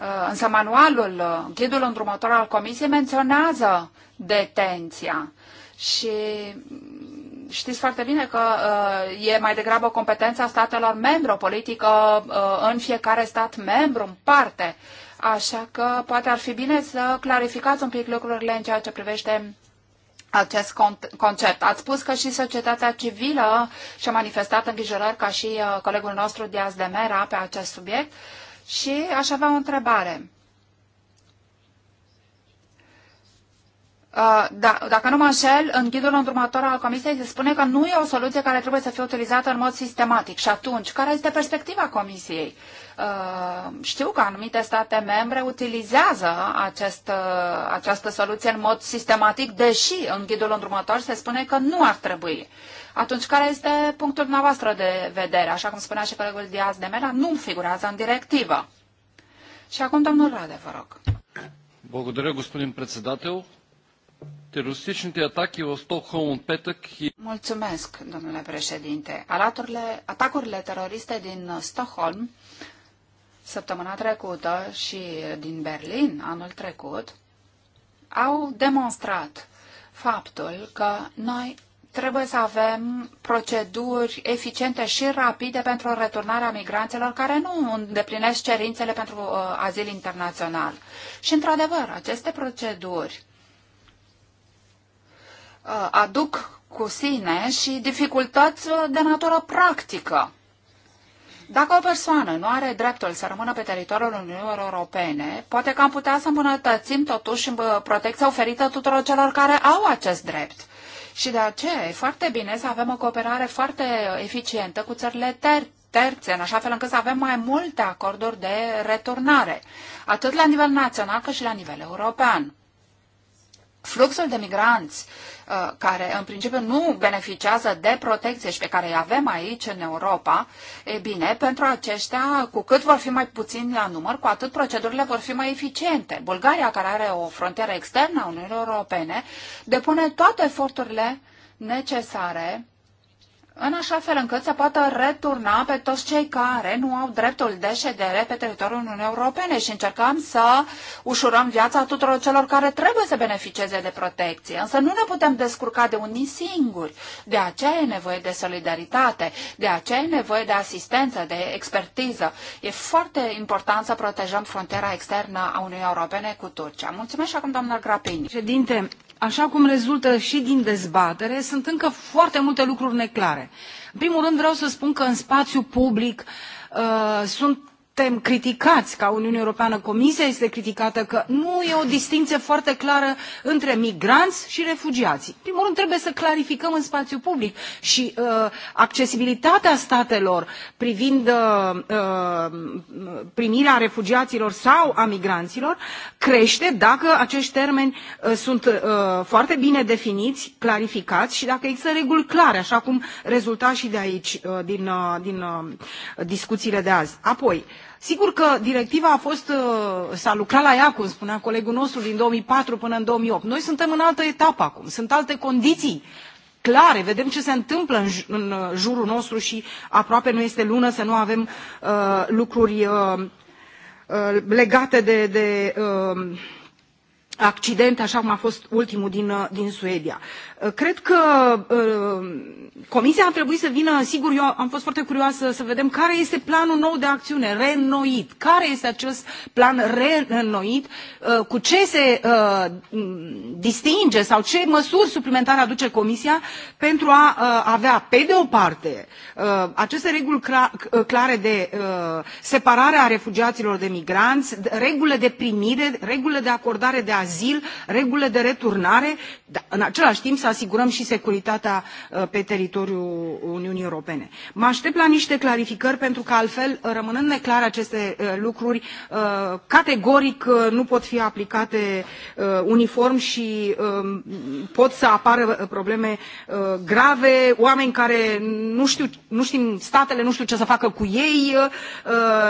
Uh, însă manualul, uh, ghidul îndrumător al Comisiei menționează detenția. Și știți foarte bine că uh, e mai degrabă competența statelor membru, o politică uh, în fiecare stat membru, în parte. Așa că poate ar fi bine să clarificați un pic lucrurile în ceea ce privește acest concept. Ați spus că și societatea civilă și-a manifestat îngrijorări ca și uh, colegul nostru Diaz de Mera pe acest subiect și aș avea o întrebare. Uh, da, dacă nu mă înșel, în ghidul îndrumător al Comisiei se spune că nu e o soluție care trebuie să fie utilizată în mod sistematic. Și atunci, care este perspectiva Comisiei? Uh, știu că anumite state membre utilizează acest, uh, această soluție în mod sistematic, deși în ghidul îndrumător se spune că nu ar trebui. Atunci, care este punctul dumneavoastră de vedere? Așa cum spunea și colegul Diaz de Mela, nu figurează în directivă. Și acum, domnul Rade, vă rog. Благодаря, господин председател в Стокхолм петък и... Mulțumesc, domnule președinte. Alaturile, atacurile teroriste din Stockholm săptămâna trecută și din Berlin anul trecut au demonstrat faptul că noi trebuie să avem proceduri eficiente și rapide pentru returnarea migranților care nu îndeplinesc cerințele pentru uh, azil internațional. Și, într-adevăr, aceste proceduri Uh, aduc cu sine și dificultăți uh, de natură practică. Dacă o persoană nu are dreptul să rămână pe teritoriul Uniunii Europene, poate că am putea să îmbunătățim totuși uh, protecția oferită tuturor celor care au acest drept. Și de aceea e foarte bine să avem o cooperare foarte eficientă cu țările terțe terțe, în așa fel încât să avem mai multe acorduri de returnare, atât la nivel național cât și la nivel european fluxul de migranți uh, care în principiu nu beneficiază de protecție și pe care îi avem aici în Europa, e bine, pentru aceștia, cu cât vor fi mai puțini la număr, cu atât procedurile vor fi mai eficiente. Bulgaria, care are o frontieră externă a Uniunii Europene, depune toate eforturile necesare în așa fel încât să poată returna pe toți cei care nu au dreptul de ședere pe teritoriul Uniunii Europene și încercăm să ușurăm viața tuturor celor care trebuie să beneficieze de protecție. Însă nu ne putem descurca de unii singuri. De aceea e nevoie de solidaritate, de aceea e nevoie de asistență, de expertiză. E foarte important să protejăm frontiera externă a Uniunii Europene cu Turcia. Mulțumesc și acum, doamna Grapini. Ședinte, așa cum rezultă și din dezbatere, sunt încă foarte multe lucruri neclare. În primul rând vreau să spun că în spațiu public uh, sunt suntem criticați ca Uniunea Europeană, Comisia este criticată că nu e o distinție foarte clară între migranți și refugiați. În primul rând trebuie să clarificăm în spațiu public și uh, accesibilitatea statelor privind uh, uh, primirea refugiaților sau a migranților crește dacă acești termeni uh, sunt uh, foarte bine definiți, clarificați și dacă există reguli clare, așa cum rezulta și de aici, uh, din, din discuțiile de azi. Apoi, Sigur că directiva a fost, uh, s-a lucrat la ea, cum spunea colegul nostru, din 2004 până în 2008. Noi suntem în altă etapă acum, sunt alte condiții clare, vedem ce se întâmplă în, în uh, jurul nostru și aproape nu este lună să nu avem uh, lucruri uh, uh legate de, de accident, așa cum a fost ultimul din, din Suedia cred că uh, comisia ar trebui să vină sigur eu am fost foarte curioasă să vedem care este planul nou de acțiune reînnoit care este acest plan reînnoit uh, cu ce se uh, distinge sau ce măsuri suplimentare aduce comisia pentru a avea pe de o parte aceste reguli clare de separare a refugiaților de migranți regulile de primire regulile de acordare de azil regulile de returnare în același timp să asigurăm și securitatea uh, pe teritoriul Uniunii Europene. Mă aștept la niște clarificări pentru că altfel, uh, rămânând neclare aceste uh, lucruri, categoric nu pot fi aplicate uniform și um, pot să apară probleme grave, oameni care nu știu, nu știm, statele nu știu ce să facă cu ei,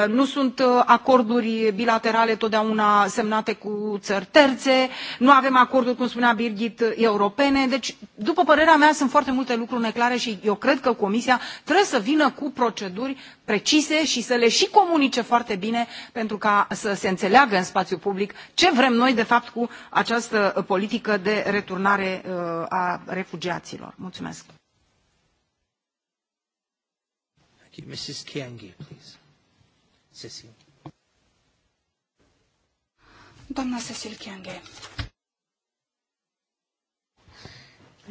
nu sunt acorduri bilaterale totdeauna semnate cu țări terțe, nu avem acorduri, cum spunea Birgit, europene, deci deci, după părerea mea, sunt foarte multe lucruri neclare și eu cred că Comisia trebuie să vină cu proceduri precise și să le și comunice foarte bine pentru ca să se înțeleagă în spațiul public ce vrem noi, de fapt, cu această uh, politică de returnare uh, a refugiaților. Mulțumesc. Mrs. Chianghi, please. Cecil. Doamna Cecil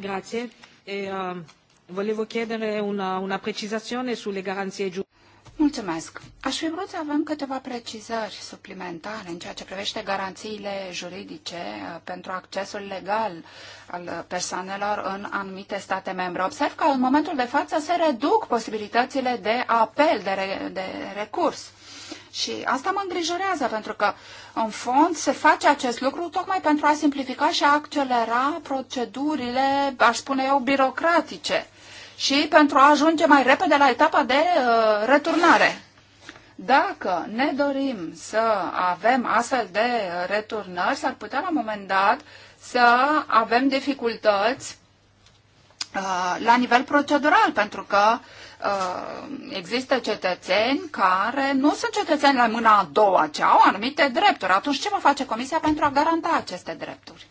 Grazie. E, uh, volevo chiedere una, una precisazione sulle garanzie giuridiche. Mulțumesc. Aș fi vrut să avem câteva precizări suplimentare în ceea ce privește garanțiile juridice uh, pentru accesul legal al persoanelor în anumite state membre. Observ că în momentul de față se reduc posibilitățile de apel, de, re, de recurs. Și asta mă îngrijorează, pentru că, în fond, se face acest lucru tocmai pentru a simplifica și a accelera procedurile, aș spune eu, birocratice și pentru a ajunge mai repede la etapa de uh, returnare. Dacă ne dorim să avem astfel de returnări, s-ar putea la un moment dat să avem dificultăți Uh, la nivel procedural, pentru că uh, există cetățeni care nu sunt cetățeni la mâna a doua, ci au anumite drepturi. Atunci ce va face Comisia pentru a garanta aceste drepturi?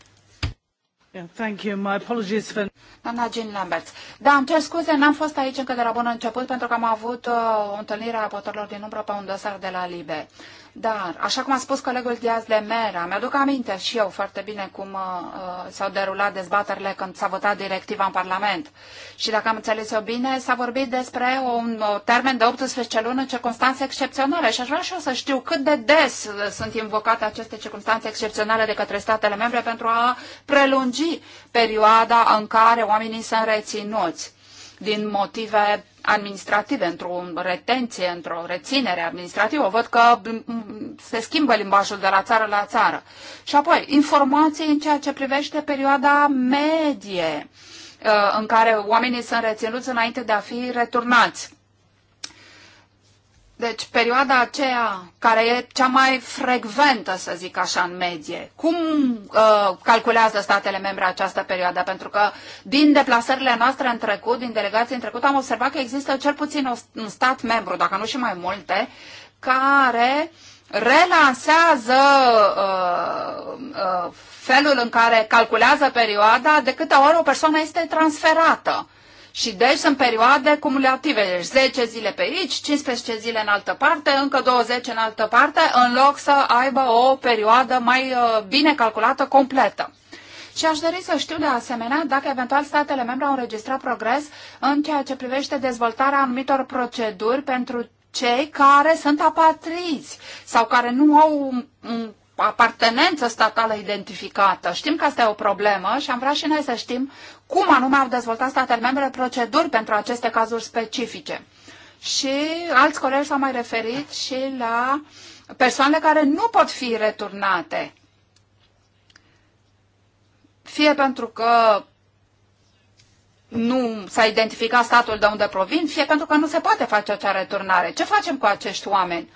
Yeah, thank you. My apologies for... Doamna Jean Lamberts. Da, îmi cer scuze, n-am fost aici încă de la bun început pentru că am avut uh, o întâlnire a potorilor din umbră pe un dosar de la Libe. Dar, așa cum a spus colegul Diaz de Mera, mi-aduc aminte și eu foarte bine cum uh, uh, s-au derulat dezbaterile când s-a votat directiva în Parlament. Și dacă am înțeles eu bine, s-a vorbit despre un termen de 18 luni în circunstanțe excepționale. Și aș vrea și eu să știu cât de des uh, sunt invocate aceste circunstanțe excepționale de către statele membre pentru a prelungi perioada în care oamenii sunt reținuți din motive administrative, într-o retenție, într-o reținere administrativă. Văd că mm, se schimbă limbajul de la țară la țară. Și apoi, informații în ceea ce privește perioada medie uh, în care oamenii sunt reținuți înainte de a fi returnați. Deci, perioada aceea, care e cea mai frecventă, să zic așa, în medie, cum uh, calculează statele membre această perioadă? Pentru că din deplasările noastre în trecut, din delegații în trecut, am observat că există cel puțin un stat membru, dacă nu și mai multe, care relansează uh, uh, felul în care calculează perioada de câte ori o persoană este transferată. Uh, și deci sunt perioade cumulative, deci 10 zile pe aici, 15 zile în altă parte, încă 20 în altă parte, în loc să aibă o perioadă mai uh, bine calculată, completă. Și aș dori să știu de asemenea dacă eventual statele membre au înregistrat progres în ceea ce privește dezvoltarea anumitor proceduri pentru cei care sunt apatriți sau care nu au un apartenență statală identificată. Știm că asta e o problemă și am vrea și noi să știm cum anume au dezvoltat statele membre proceduri pentru aceste cazuri specifice. Și alți colegi s-au mai referit și la persoanele care nu pot fi returnate. Fie pentru că nu s-a identificat statul de unde provin, fie pentru că nu se poate face acea returnare. Ce facem cu acești oameni?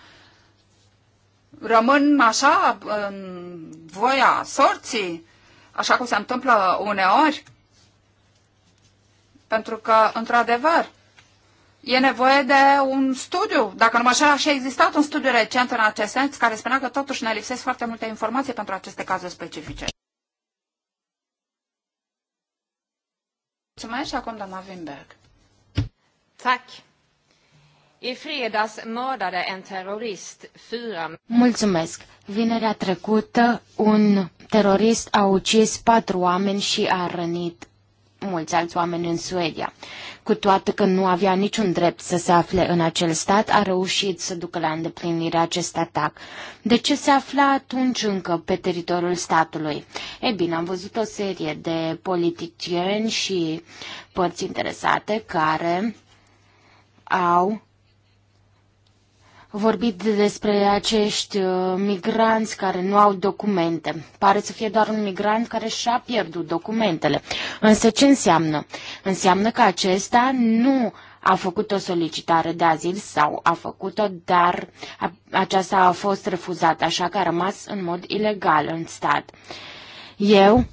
Rămân așa, în voia sorții, așa cum se întâmplă uneori? Pentru că, într-adevăr, e nevoie de un studiu. Dacă nu mă așa și a existat un studiu recent în acest sens care spunea că totuși ne lipsesc foarte multe informații pentru aceste cazuri specifice. Mulțumesc și acum doamna Wimberg. Tak. I fredags mördade en terrorist fyra... Mulțumesc. Vinerea trecută, un terorist a ucis patru oameni și a rănit mulți alți oameni în Suedia. Cu toate că nu avea niciun drept să se afle în acel stat, a reușit să ducă la îndeplinire acest atac. De ce se afla atunci încă pe teritoriul statului? E bine, am văzut o serie de politicieni și părți interesate care au vorbit despre acești uh, migranți care nu au documente. Pare să fie doar un migrant care și-a pierdut documentele. Însă ce înseamnă? Înseamnă că acesta nu a făcut o solicitare de azil sau a făcut-o, dar aceasta a fost refuzată, așa că a rămas în mod ilegal în stat. Eu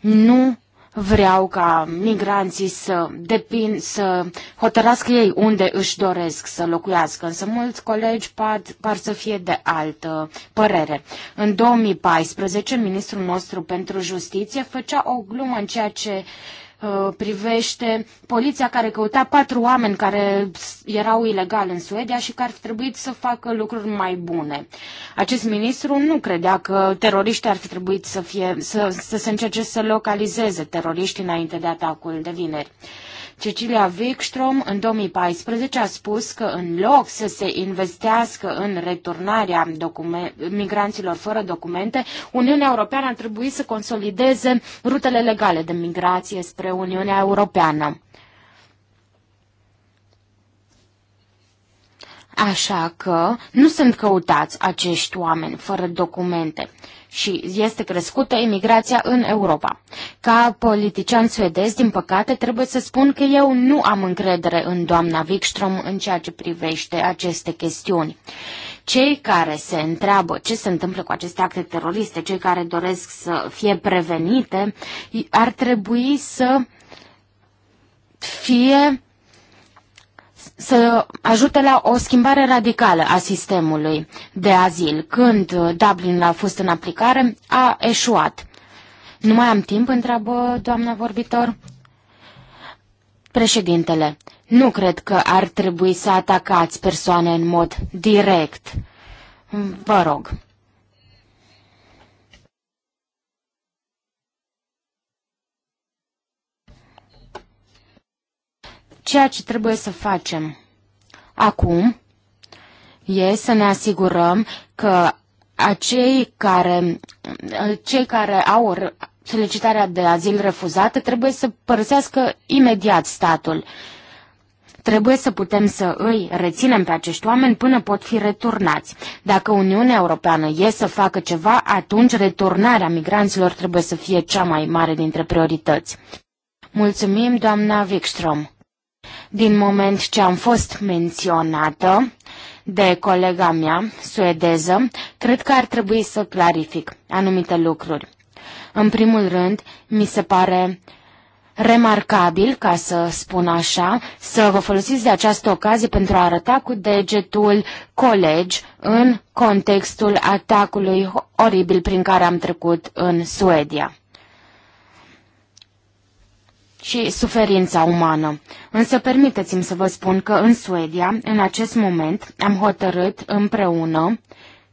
nu vreau ca migranții să depin, să hotărască ei unde își doresc să locuiască, însă mulți colegi par, par să fie de altă părere. În 2014, ministrul nostru pentru justiție făcea o glumă în ceea ce uh, Uh, privește poliția care căuta patru oameni care erau ilegali în Suedia și care ar fi trebuit să facă lucruri mai bune. Acest ministru nu credea că teroriștii ar fi trebuit să, fie, să, să se încerce să localizeze teroriștii înainte de atacul de vineri. Cecilia Wikström în 2014 a spus că în loc să se investească în returnarea migranților fără documente, Uniunea Europeană ar trebui să consolideze rutele legale de migrație spre Uniunea Europeană. Așa că nu sunt căutați acești oameni fără documente și este crescută imigrația în Europa. Ca politician suedez, din păcate, trebuie să spun că eu nu am încredere în doamna Wikström în ceea ce privește aceste chestiuni. Cei care se întreabă ce se întâmplă cu aceste acte teroriste, cei care doresc să fie prevenite, ar trebui să fie să ajute la o schimbare radicală a sistemului de azil. Când uh, Dublin a fost în aplicare, a eșuat. Nu mai am timp, întreabă doamna vorbitor. Președintele, nu cred că ar trebui să atacați persoane în mod direct. Vă rog. Ceea ce trebuie să facem acum e să ne asigurăm că acei care, cei care au solicitarea de azil refuzată trebuie să părăsească imediat statul. Trebuie să putem să îi reținem pe acești oameni până pot fi returnați. Dacă Uniunea Europeană e să facă ceva, atunci returnarea migranților trebuie să fie cea mai mare dintre priorități. Mulțumim, doamna Wikström. Din moment ce am fost menționată de colega mea, suedeză, cred că ar trebui să clarific anumite lucruri. În primul rând, mi se pare remarcabil, ca să spun așa, să vă folosiți de această ocazie pentru a arăta cu degetul colegi în contextul atacului oribil prin care am trecut în Suedia și suferința umană. Însă permiteți-mi să vă spun că în Suedia, în acest moment, am hotărât împreună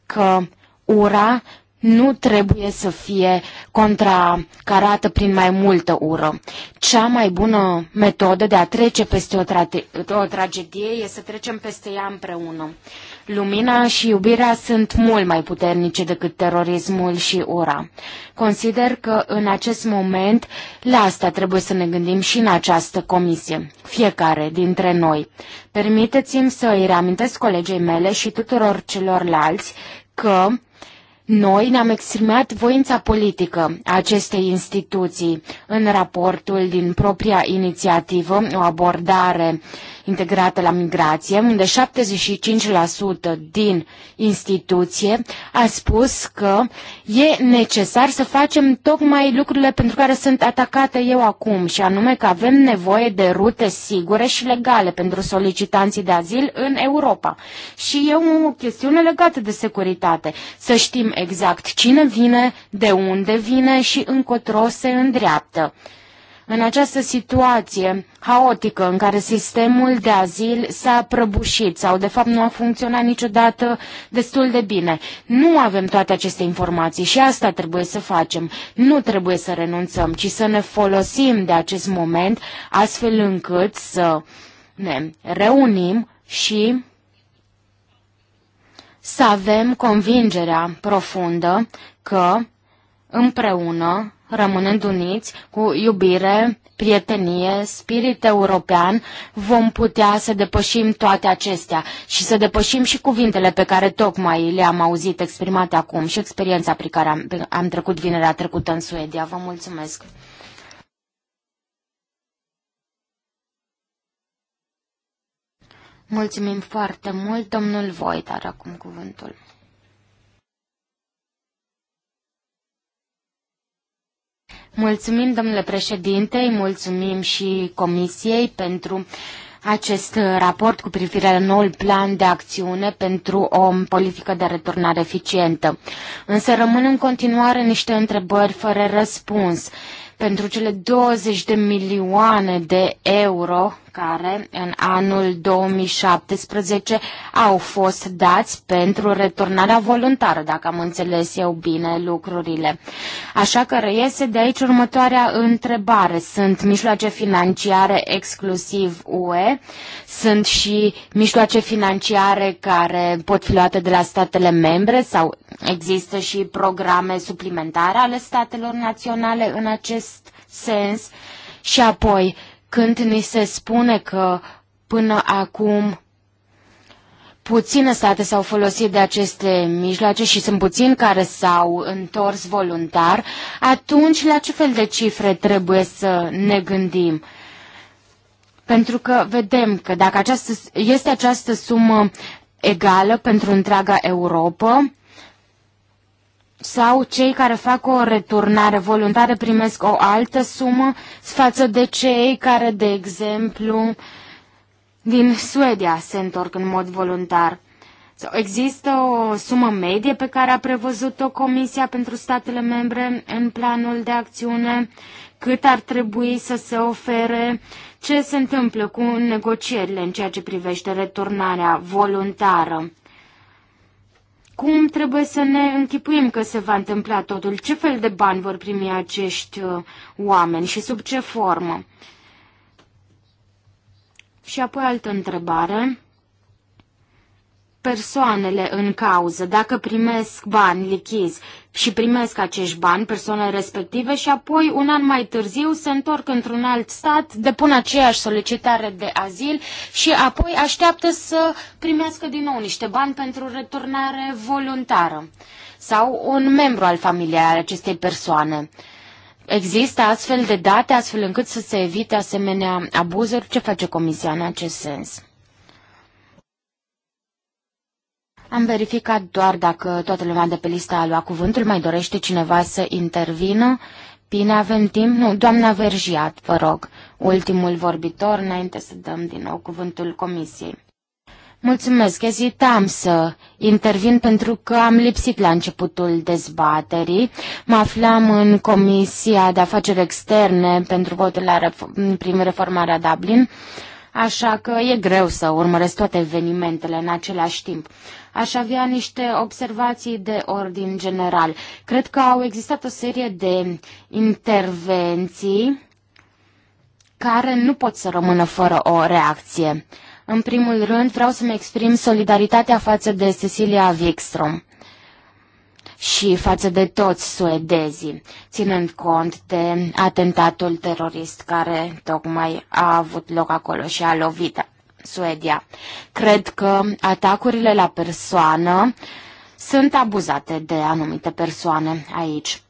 că ura nu trebuie să fie contracarată prin mai multă ură. Cea mai bună metodă de a trece peste o, tra- o tragedie este să trecem peste ea împreună. Lumina și iubirea sunt mult mai puternice decât terorismul și ura. Consider că în acest moment la asta trebuie să ne gândim și în această comisie, fiecare dintre noi. Permiteți-mi să îi reamintesc colegei mele și tuturor celorlalți că noi ne-am exprimat voința politică a acestei instituții în raportul din propria inițiativă, o abordare uh, integrată la migrație, unde 75% din instituție a spus că e necesar să facem tocmai lucrurile pentru care sunt atacate eu acum, și anume că avem nevoie de rute sigure și legale pentru solicitanții de azil în Europa. Și e o chestiune legată de securitate. Să știm exact cine vine, de unde vine și încotro se îndreaptă. În această situație haotică în care sistemul de azil s-a prăbușit sau de fapt nu a funcționat niciodată destul de bine, nu avem toate aceste informații și asta trebuie să facem. Nu trebuie să renunțăm, ci să ne folosim de acest moment astfel încât să ne reunim și să avem convingerea profundă că împreună, rămânând uniți, cu iubire, prietenie, spirit european, vom putea să depășim toate acestea și să depășim și cuvintele pe care tocmai le-am auzit exprimate acum și experiența prin care am, am trecut vinerea trecută în Suedia. Vă mulțumesc! Mulțumim foarte mult, domnul Voit acum cuvântul. Mulțumim, domnule președinte, mulțumim și Comisiei pentru acest raport cu privire la noul plan de acțiune pentru o politică de returnare eficientă. Însă rămân în continuare niște întrebări fără răspuns. Pentru cele 20 de milioane de euro care în anul 2017 au fost dați pentru returnarea voluntară, dacă am înțeles eu bine lucrurile. Așa că reiese de aici următoarea întrebare. Sunt mijloace financiare exclusiv UE? Sunt și mijloace financiare care pot fi luate de la statele membre sau există și programe suplimentare ale statelor naționale în acest sens? Și apoi, când ni se spune că până acum puține state s-au folosit de aceste mijloace și sunt puțini care s-au întors voluntar, atunci la ce fel de cifre trebuie să ne gândim? Pentru că vedem că dacă această, este această sumă egală pentru întreaga Europa, sau cei care fac o returnare voluntară primesc o altă sumă față de cei care, de exemplu, din Suedia se întorc în mod voluntar. Există o sumă medie pe care a prevăzut-o Comisia pentru statele membre în planul de acțiune? Cât ar trebui să se ofere? Ce se întâmplă cu negocierile în ceea ce privește returnarea voluntară? Cum trebuie să ne închipuim că se va întâmpla totul? Ce fel de bani vor primi acești uh, oameni și sub ce formă? Și apoi altă întrebare persoanele în cauză, dacă primesc bani lichizi și primesc acești bani persoanele respective și apoi un an mai târziu se întorc într-un alt stat, depun aceeași solicitare de azil și apoi așteaptă să primească din nou niște bani pentru returnare voluntară sau un membru al familiei al acestei persoane. Există astfel de date astfel încât să se evite asemenea abuzuri? Ce face Comisia în acest sens? Am verificat doar dacă toată lumea de pe lista a luat cuvântul. Mai dorește cineva să intervină? Bine, avem timp? Nu, doamna Vergiat, vă rog, ultimul vorbitor, înainte să dăm din nou cuvântul comisiei. Mulțumesc, ezitam să intervin pentru că am lipsit la începutul dezbaterii. Mă aflam în Comisia de Afaceri Externe pentru votul la prin reformarea Dublin, așa că e greu să urmăresc toate evenimentele în același timp aș avea niște observații de ordin general. Cred că au existat o serie de intervenții care nu pot să rămână fără o reacție. În primul rând, vreau să-mi exprim solidaritatea față de Cecilia Wikström și față de toți suedezii, ținând cont de atentatul terorist care tocmai a avut loc acolo și a lovit Suedia. Cred că atacurile la persoană sunt abuzate de anumite persoane aici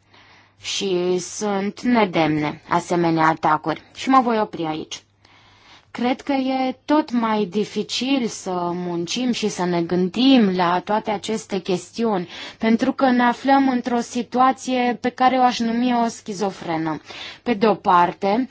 și sunt nedemne asemenea atacuri și mă voi opri aici. Cred că e tot mai dificil să muncim și să ne gândim la toate aceste chestiuni, pentru că ne aflăm într-o situație pe care o aș numi o schizofrenă. Pe de o parte,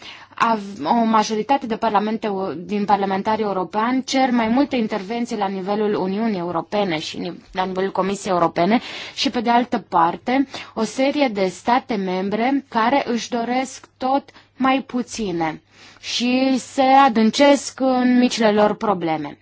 o majoritate de parlamente, din parlamentari europeni cer mai multe intervenții la nivelul Uniunii Europene și la nivelul Comisiei Europene și, pe de altă parte, o serie de state membre care își doresc tot mai puține și se adâncesc în micile lor probleme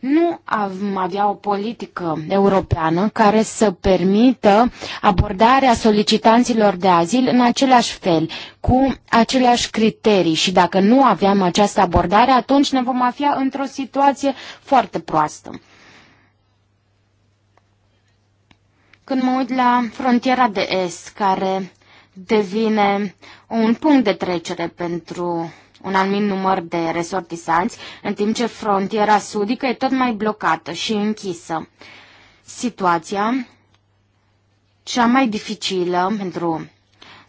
nu am avea o politică europeană care să permită abordarea solicitanților de azil în același fel, cu aceleași criterii și dacă nu aveam această abordare, atunci ne vom afla într-o situație foarte proastă. Când mă uit la frontiera de est, care devine un punct de trecere pentru un anumit număr de resortisanți, în timp ce frontiera sudică e tot mai blocată și închisă. Situația cea mai dificilă pentru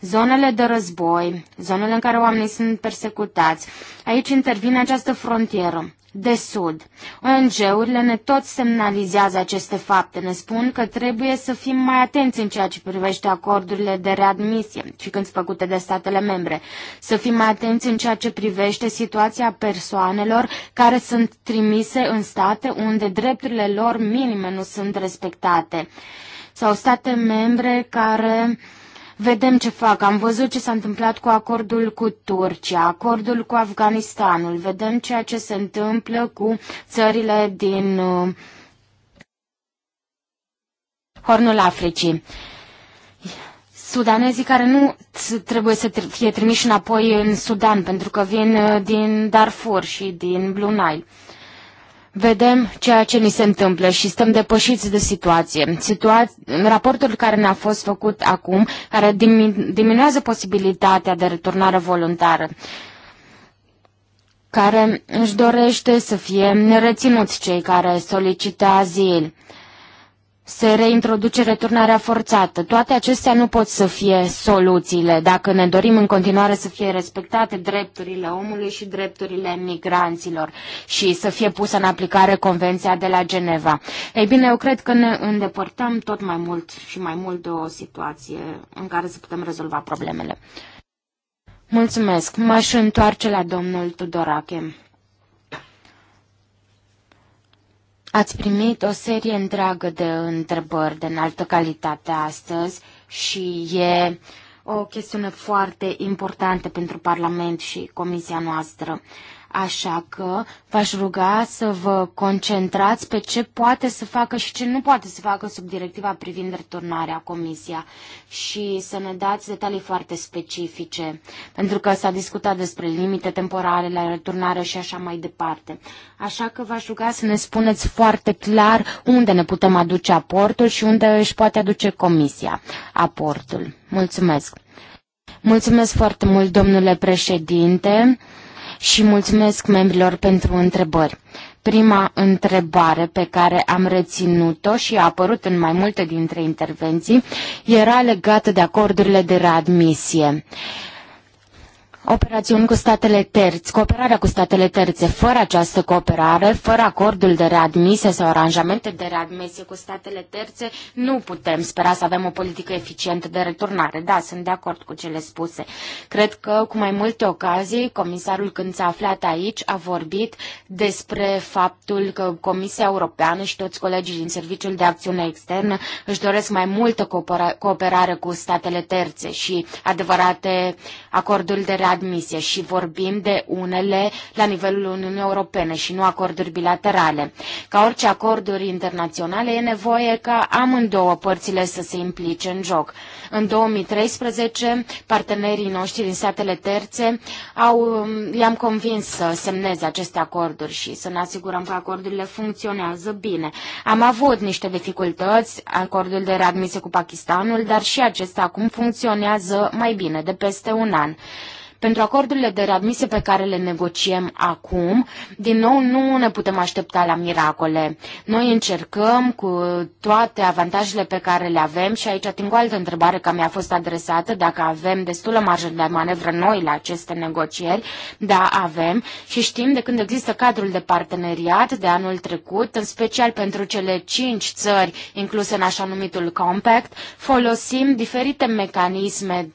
zonele de război, zonele în care oamenii sunt persecutați. Aici intervine această frontieră de sud. ONG-urile ne tot semnalizează aceste fapte, ne spun că trebuie să fim mai atenți în ceea ce privește acordurile de readmisie și când sunt făcute de statele membre, să fim mai atenți în ceea ce privește situația persoanelor care sunt trimise în state unde drepturile lor minime nu sunt respectate sau state membre care uh, Vedem ce fac. Am văzut ce s-a întâmplat cu acordul cu Turcia, acordul cu Afganistanul. Vedem ceea ce se întâmplă cu țările din uh, Hornul Africii. Sudanezii care nu trebuie să fie trimiși înapoi în Sudan pentru că vin uh, din Darfur și din Blue Nile vedem ceea ce ni se întâmplă și stăm depășiți de situație. Situa- raportul care ne-a fost făcut acum, care diminuează posibilitatea de returnare voluntară, care își dorește să fie nereținuți cei care solicită azil se reintroduce returnarea forțată. Toate acestea nu pot să fie soluțiile dacă ne dorim în continuare să fie respectate drepturile omului și drepturile migranților și să fie pusă în aplicare Convenția de la Geneva. Ei bine, eu cred că ne îndepărtăm tot mai mult și mai mult de o situație în care să putem rezolva problemele. Mulțumesc. M-aș întoarce la domnul Tudorache. Ați primit o serie întreagă de întrebări de înaltă calitate astăzi și e o chestiune foarte importantă pentru Parlament și Comisia noastră. Așa că v-aș ruga să vă concentrați pe ce poate să facă și ce nu poate să facă sub directiva privind returnarea comisia și să ne dați detalii foarte specifice, pentru că s-a discutat despre limite temporale la returnare și așa mai departe. Așa că v-aș ruga să ne spuneți foarte clar unde ne putem aduce aportul și unde își poate aduce comisia aportul. Mulțumesc! Mulțumesc foarte mult, domnule președinte! și mulțumesc membrilor pentru întrebări. Prima întrebare pe care am reținut-o și a apărut în mai multe dintre intervenții era legată de acordurile de readmisie. Uh, operațiuni cu statele terți, cooperarea cu statele terțe. Fără această cooperare, fără acordul de readmisie sau aranjamente de readmisie cu statele terțe, nu putem spera să avem o politică eficientă de returnare. Da, sunt de acord cu cele spuse. Cred că cu mai multe ocazii, comisarul când s-a aflat aici a vorbit despre faptul că Comisia Europeană și toți colegii din Serviciul de Acțiune Externă își doresc mai multă cooperare cu statele terțe și adevărate acorduri de readmisie admise și vorbim de unele la nivelul Uniunii Europene și nu acorduri bilaterale. Ca orice acorduri internaționale, e nevoie ca amândouă părțile să se implice în joc. În 2013, partenerii noștri din statele terțe au, le-am um, convins să semneze aceste acorduri și să ne asigurăm că acordurile funcționează bine. Am avut niște dificultăți, acordul de readmisie cu Pakistanul, dar și acesta acum funcționează mai bine de peste un an. Pentru acordurile de readmisie pe care le negociem acum, din nou nu ne putem aștepta la miracole. Noi încercăm cu toate avantajele pe care le avem și aici ating o altă întrebare care mi-a fost adresată, dacă avem destulă marjă de manevră noi la aceste negocieri, da, avem și știm de când există cadrul de parteneriat de anul trecut, în special pentru cele cinci țări incluse în așa numitul compact, folosim diferite mecanisme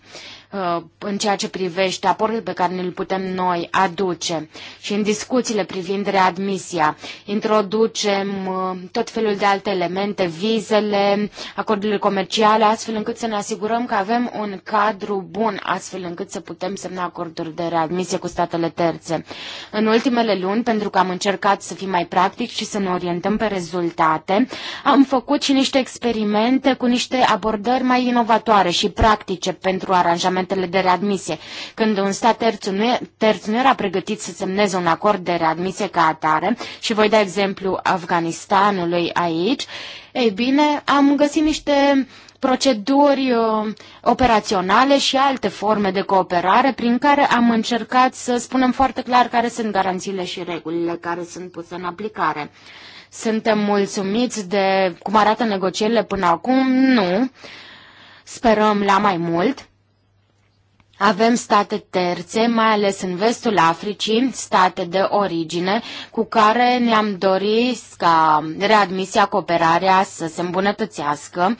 Uh, în ceea ce privește aportul pe care ne-l putem noi aduce și în discuțiile privind readmisia. Introducem uh, tot felul de alte elemente, vizele, acordurile comerciale, astfel încât să ne asigurăm că avem un cadru bun, astfel încât să putem semna acorduri de readmisie cu statele terțe. În ultimele luni, pentru că am încercat să fim mai practic și să ne orientăm pe rezultate, am făcut și niște experimente cu niște abordări mai inovatoare și practice pentru aranjament documentele de readmisie. Când un stat terț nu, e, terț nu era pregătit să semneze un acord de readmisie ca atare, și voi da exemplu Afganistanului aici, ei bine, am găsit niște proceduri uh, operaționale și alte forme de cooperare prin care am încercat să spunem foarte clar care sunt garanțiile și regulile care sunt puse în aplicare. Suntem mulțumiți de cum arată negocierile până acum? Nu. Sperăm la mai mult. Avem state terțe, mai ales în vestul Africii, state de origine, cu care ne-am dorit ca readmisia, cooperarea să se îmbunătățească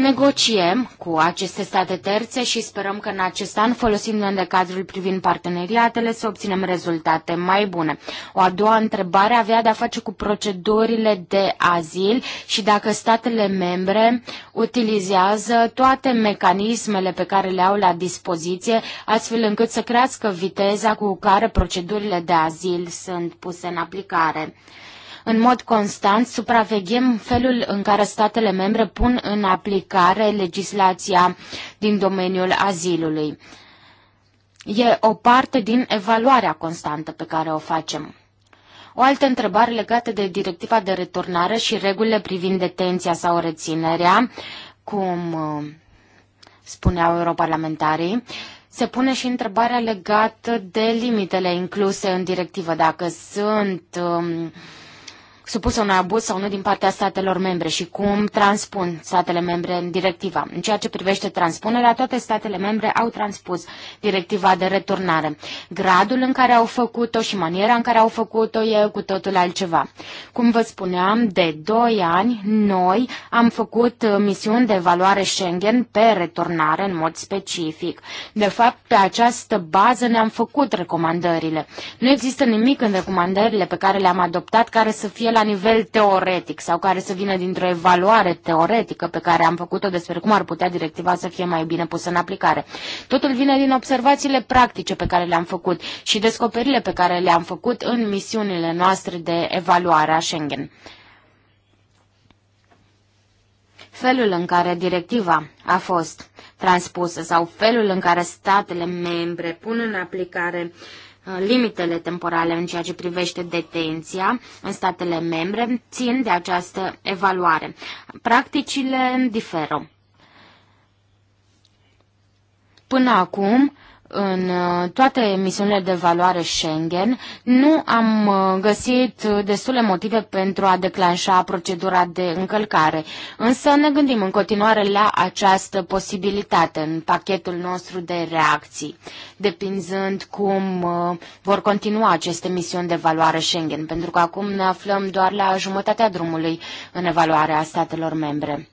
Negociem cu aceste state terțe și sperăm că în acest an, folosindu-ne de cadrul privind parteneriatele, să obținem rezultate mai bune. O a doua întrebare avea de-a face cu procedurile de azil și dacă statele membre utilizează toate mecanismele pe care le au la dispoziție, astfel încât să crească viteza cu care procedurile de azil sunt puse în aplicare. În mod constant supraveghem felul în care statele membre pun în aplicare legislația din domeniul azilului. E o parte din evaluarea constantă pe care o facem. O altă întrebare legată de directiva de returnare și regulile privind detenția sau reținerea, cum uh, spuneau europarlamentarii, se pune și întrebarea legată de limitele incluse în directivă, dacă sunt uh, supusă unui abuz sau nu din partea statelor membre și cum transpun statele membre în directiva. În ceea ce privește transpunerea, toate statele membre au transpus directiva de returnare. Gradul în care au făcut-o și maniera în care au făcut-o e cu totul altceva. Cum vă spuneam, de 2 ani noi am făcut uh, misiuni de evaluare Schengen pe returnare în mod specific. De fapt, pe această bază ne-am făcut recomandările. Nu există nimic în recomandările pe care le-am adoptat care să fie la la nivel teoretic sau care să vină dintr-o evaluare teoretică pe care am făcut-o despre cum ar putea directiva să fie mai bine pusă în aplicare. Totul vine din observațiile practice pe care le-am făcut și descoperirile pe care le-am făcut în misiunile noastre de evaluare a Schengen. Felul în care directiva a fost transpusă sau felul în care statele membre pun în aplicare uh, Uh, limitele temporale în ceea ce privește detenția în statele membre țin de această evaluare. Practicile diferă. Până acum, în uh, toate misiunile de valoare Schengen, nu am uh, găsit uh, destule motive pentru a declanșa procedura de încălcare. Însă ne gândim în continuare la această posibilitate în pachetul nostru de reacții, depinzând cum vor continua aceste misiuni de valoare Schengen, pentru că acum ne aflăm doar la jumătatea drumului în evaluarea statelor membre.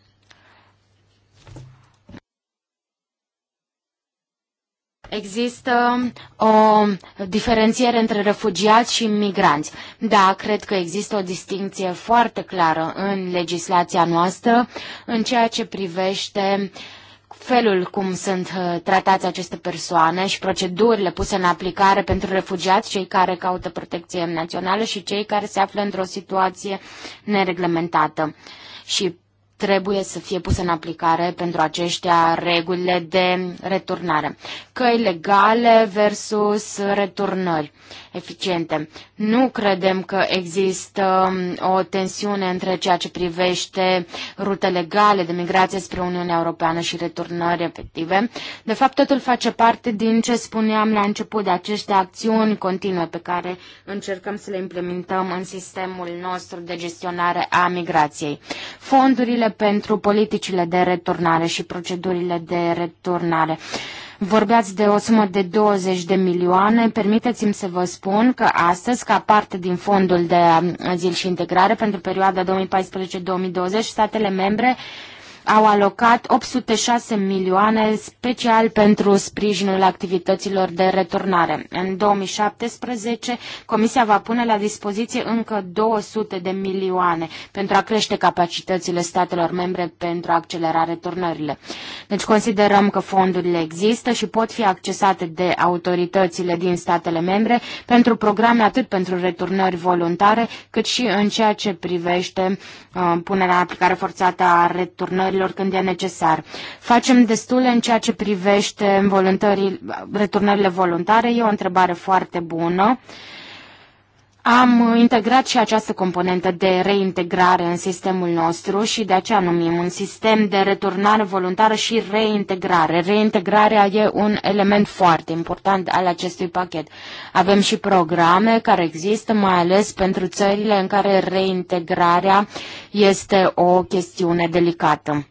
Există o diferențiere între refugiați și migranți. Da, cred că există o distinție foarte clară în legislația noastră în ceea ce privește felul cum sunt uh, tratați aceste persoane și procedurile puse în aplicare pentru refugiați, cei care caută protecție națională și cei care se află într-o situație nereglementată. Și trebuie să fie puse în aplicare pentru aceștia regulile de returnare. Căi legale versus returnări eficiente. Nu credem că există um, o tensiune între ceea ce privește rute legale de migrație spre Uniunea Europeană și returnări efective. De fapt, totul face parte din ce spuneam la început de aceste acțiuni continue pe care încercăm să le implementăm în sistemul nostru de gestionare a migrației. Fondurile pentru politicile de returnare și procedurile de returnare. Vorbeați de o sumă de 20 de milioane. Permiteți-mi să vă spun că astăzi, ca parte din fondul de azil și integrare pentru perioada 2014-2020, statele membre au alocat 806 milioane special pentru sprijinul activităților de returnare. În 2017, Comisia va pune la dispoziție încă 200 de milioane pentru a crește capacitățile statelor membre pentru a accelera returnările. Deci considerăm că fondurile există și pot fi accesate de autoritățile din statele membre pentru programe atât pentru returnări voluntare, cât și în ceea ce privește uh, punerea în aplicare forțată a returnării voluntarilor când e necesar. Facem destule în ceea ce privește returnările voluntare, e o întrebare foarte bună. Uh, am integrat și această componentă de reintegrare în sistemul nostru și de aceea numim un sistem de returnare voluntară și reintegrare. Reintegrarea e un element foarte important al acestui pachet. Avem și programe care există, mai ales pentru țările în care reintegrarea este o chestiune delicată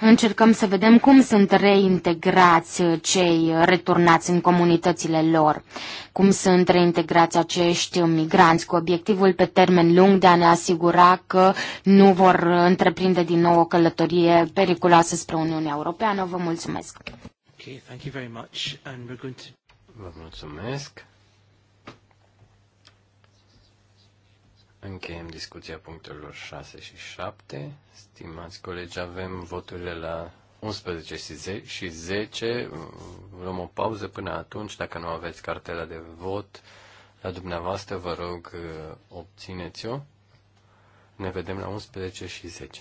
încercăm să vedem cum sunt reintegrați cei returnați în comunitățile lor, cum sunt reintegrați acești migranți cu obiectivul pe termen lung de a ne asigura că nu vor întreprinde din nou o călătorie periculoasă spre Uniunea Europeană. Vă mulțumesc! Okay, thank you very much and we're going to... Vă mulțumesc! Încheiem discuția punctelor 6 și 7. Stimați colegi, avem voturile la 11 și 10. Luăm o pauză până atunci. Dacă nu aveți cartela de vot la dumneavoastră, vă rog, uh, obțineți-o. Ne vedem la 11 și 10.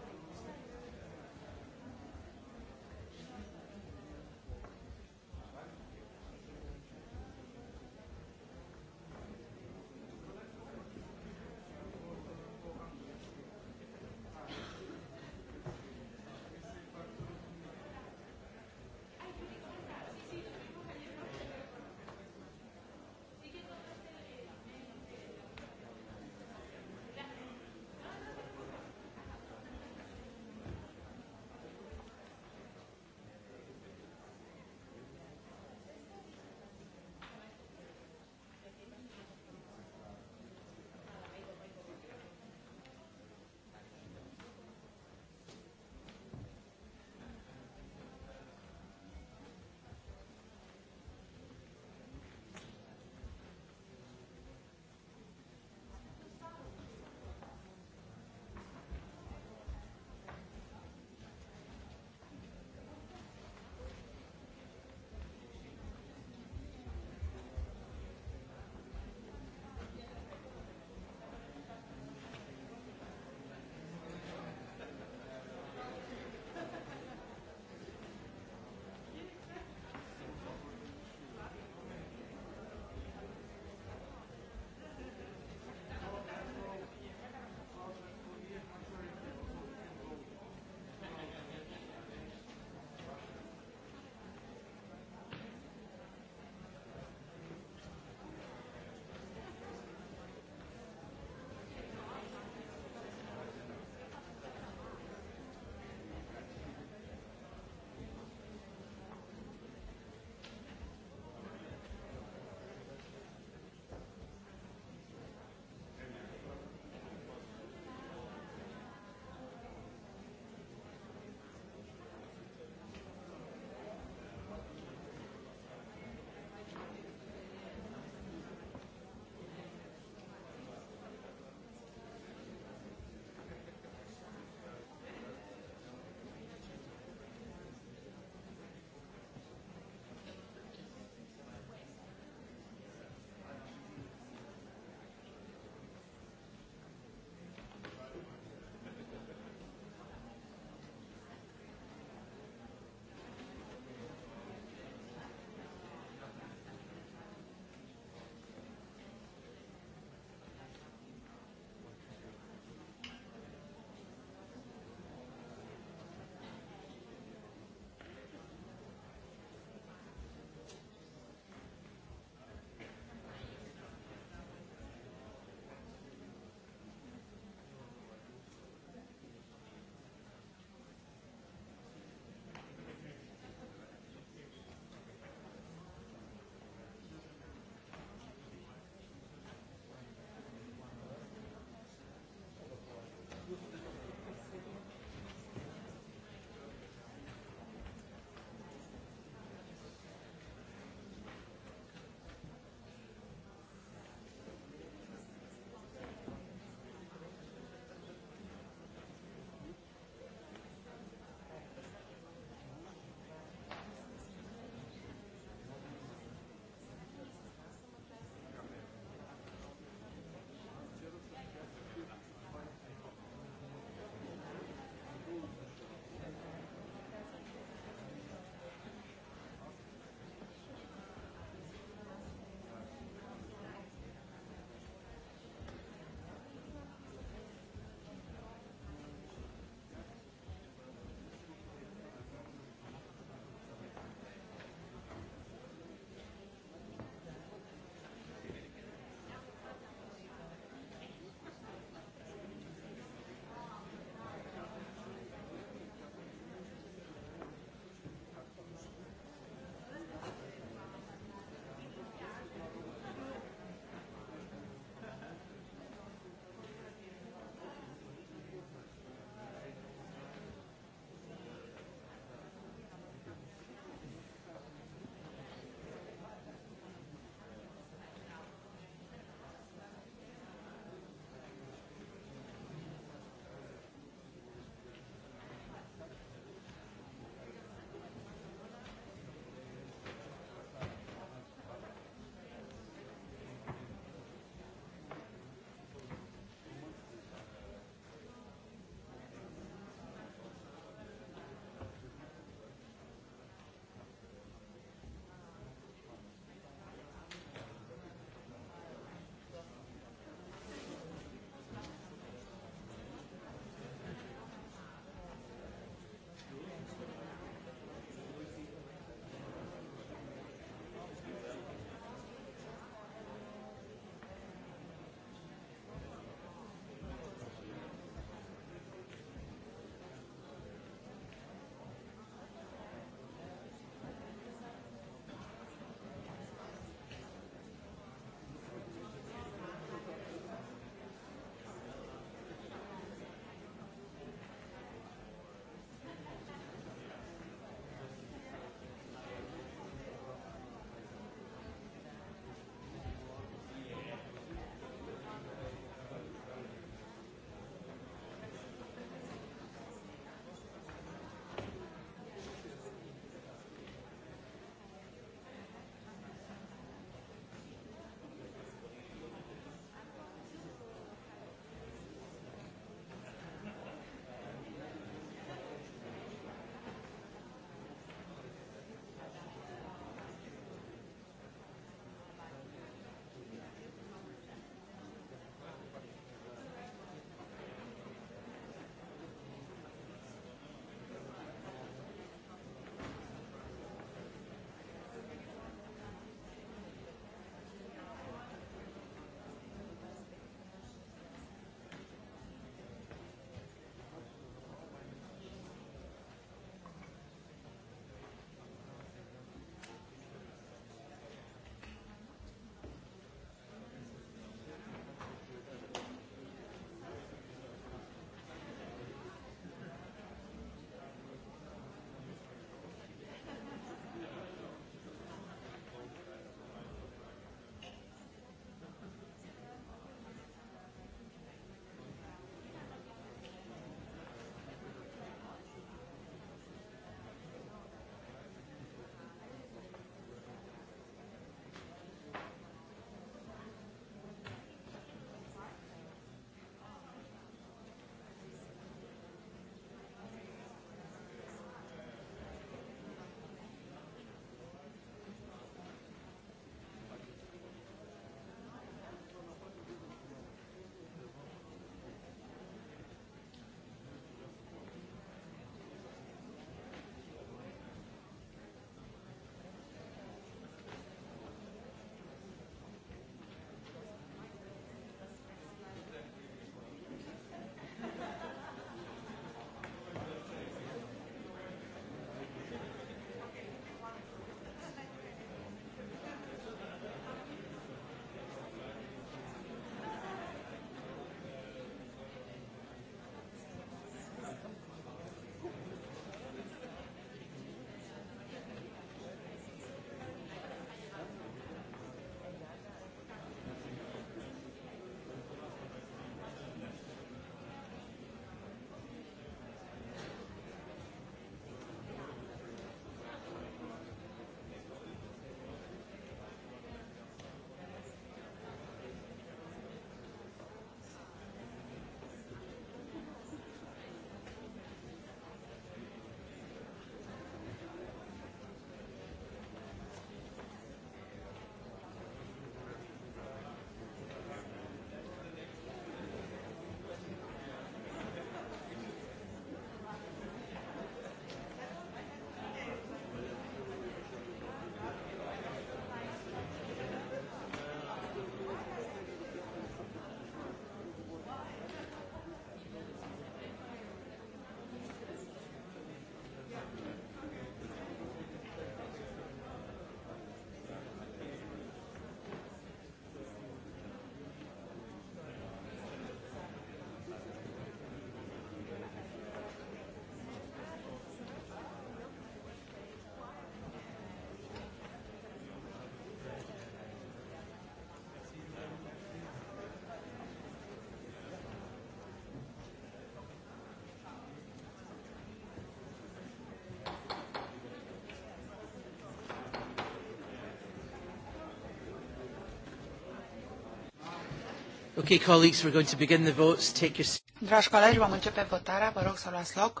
Okay, colleagues, we're going to begin the votes. Take your... Dragi colegi, vom începe votarea. Vă rog să luați loc.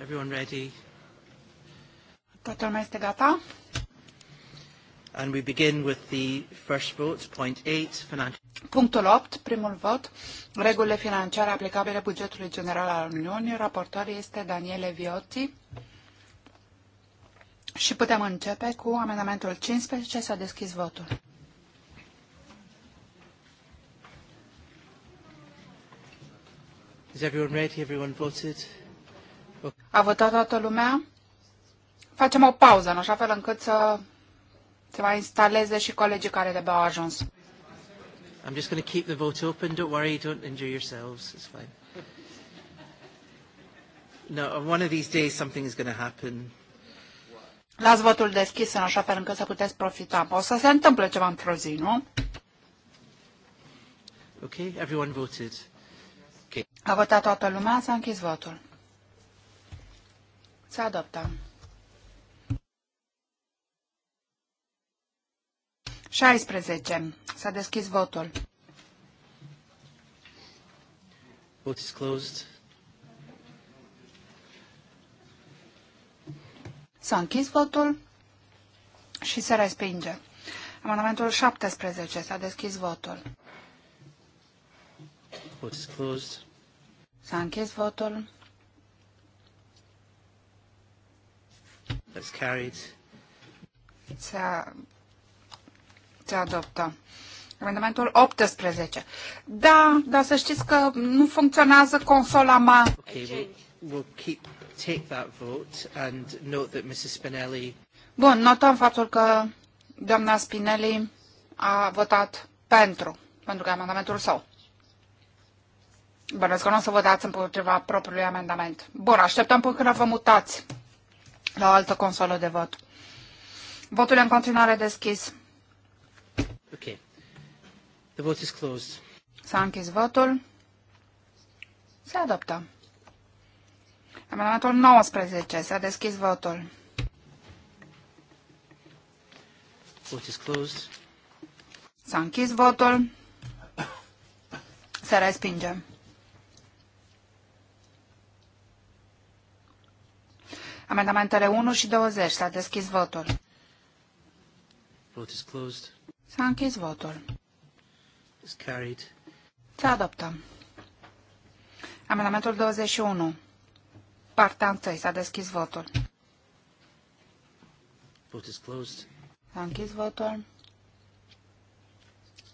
Everyone ready? Toată lumea este gata? And we begin with the first vote, point 8, financial... Punctul 8, primul vot, regulile financiare aplicabile bugetului general al Uniunii. Raportor este Daniele Viotti. Și putem începe cu amendamentul 15. S-a deschis votul. Is everyone ready? Everyone voted? A votat toată lumea? Facem o pauză, în așa fel încât să se mai instaleze și colegii care de au ajuns. I'm just going to keep the vote open. Don't worry, don't injure yourselves. It's fine. No, one of these days something is going to happen. Las votul deschis în așa fel încât să puteți profita. O să se întâmple ceva într-o zi, nu? Okay, everyone voted. Okay. A votat toată lumea, s-a închis votul. Se adoptă. 16. S-a deschis votul. Vote is closed. S-a închis votul și se respinge. Amendamentul 17. S-a deschis votul. S-a închis votul. That's carried. Se, a, se adoptă. Amendamentul 18. Da, dar să știți că nu funcționează consola ma. Okay, we'll, we'll keep take that vote and note that Mrs. Spinelli... Bun, notăm faptul că doamna Spinelli a votat pentru, pentru că amendamentul său. Bănuiesc că nu o să votați împotriva propriului amendament. Bun, așteptăm până când vă mutați la o altă consolă de vot. Votul e în continuare deschis. Ok. The vote is closed. S-a închis votul. Se adoptă. Amendamentul 19. S-a deschis votul. S-a închis votul. Se respinge. Amendamentele 1 și 20. S-a deschis votul. Vote is closed. S-a închis votul. Se adoptă. Amendamentul 21 partea 1. S-a deschis votul. Vote is closed. S-a închis votul.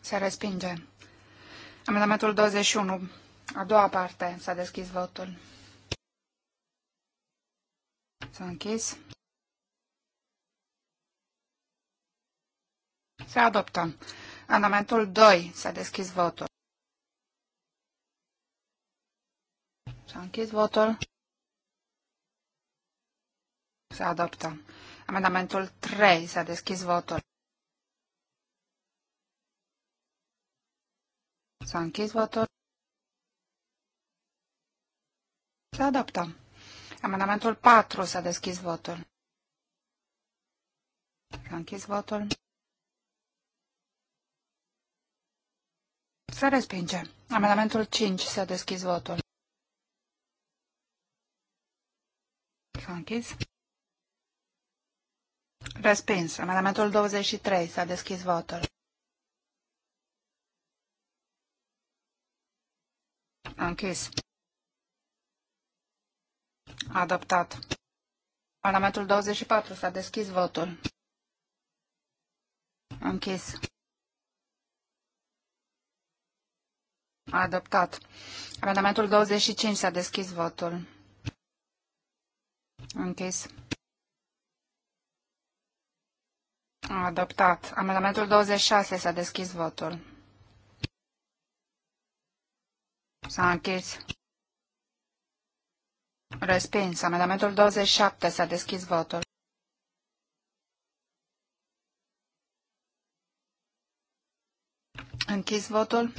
Se respinge. Amendamentul 21. A doua parte. S-a deschis votul. S-a închis. Se adoptă. Amendamentul 2. S-a deschis votul. S-a închis votul. Se adoptă. Amendamentul 3. S-a deschis votul. S-a închis votul. Se adoptă. Amendamentul 4. S-a deschis votul. S-a închis votul. Se respinge. Amendamentul 5. S-a deschis votul. S-a închis. Respins. Amendamentul 23. S-a deschis votul. Închis. Adoptat. Amendamentul 24. S-a deschis votul. Închis. Adoptat. Amendamentul 25. S-a deschis votul. Închis. Adoptat. Amendamentul 26 s-a deschis votul. S-a închis. Respins. Amendamentul 27 s-a deschis votul. Închis votul.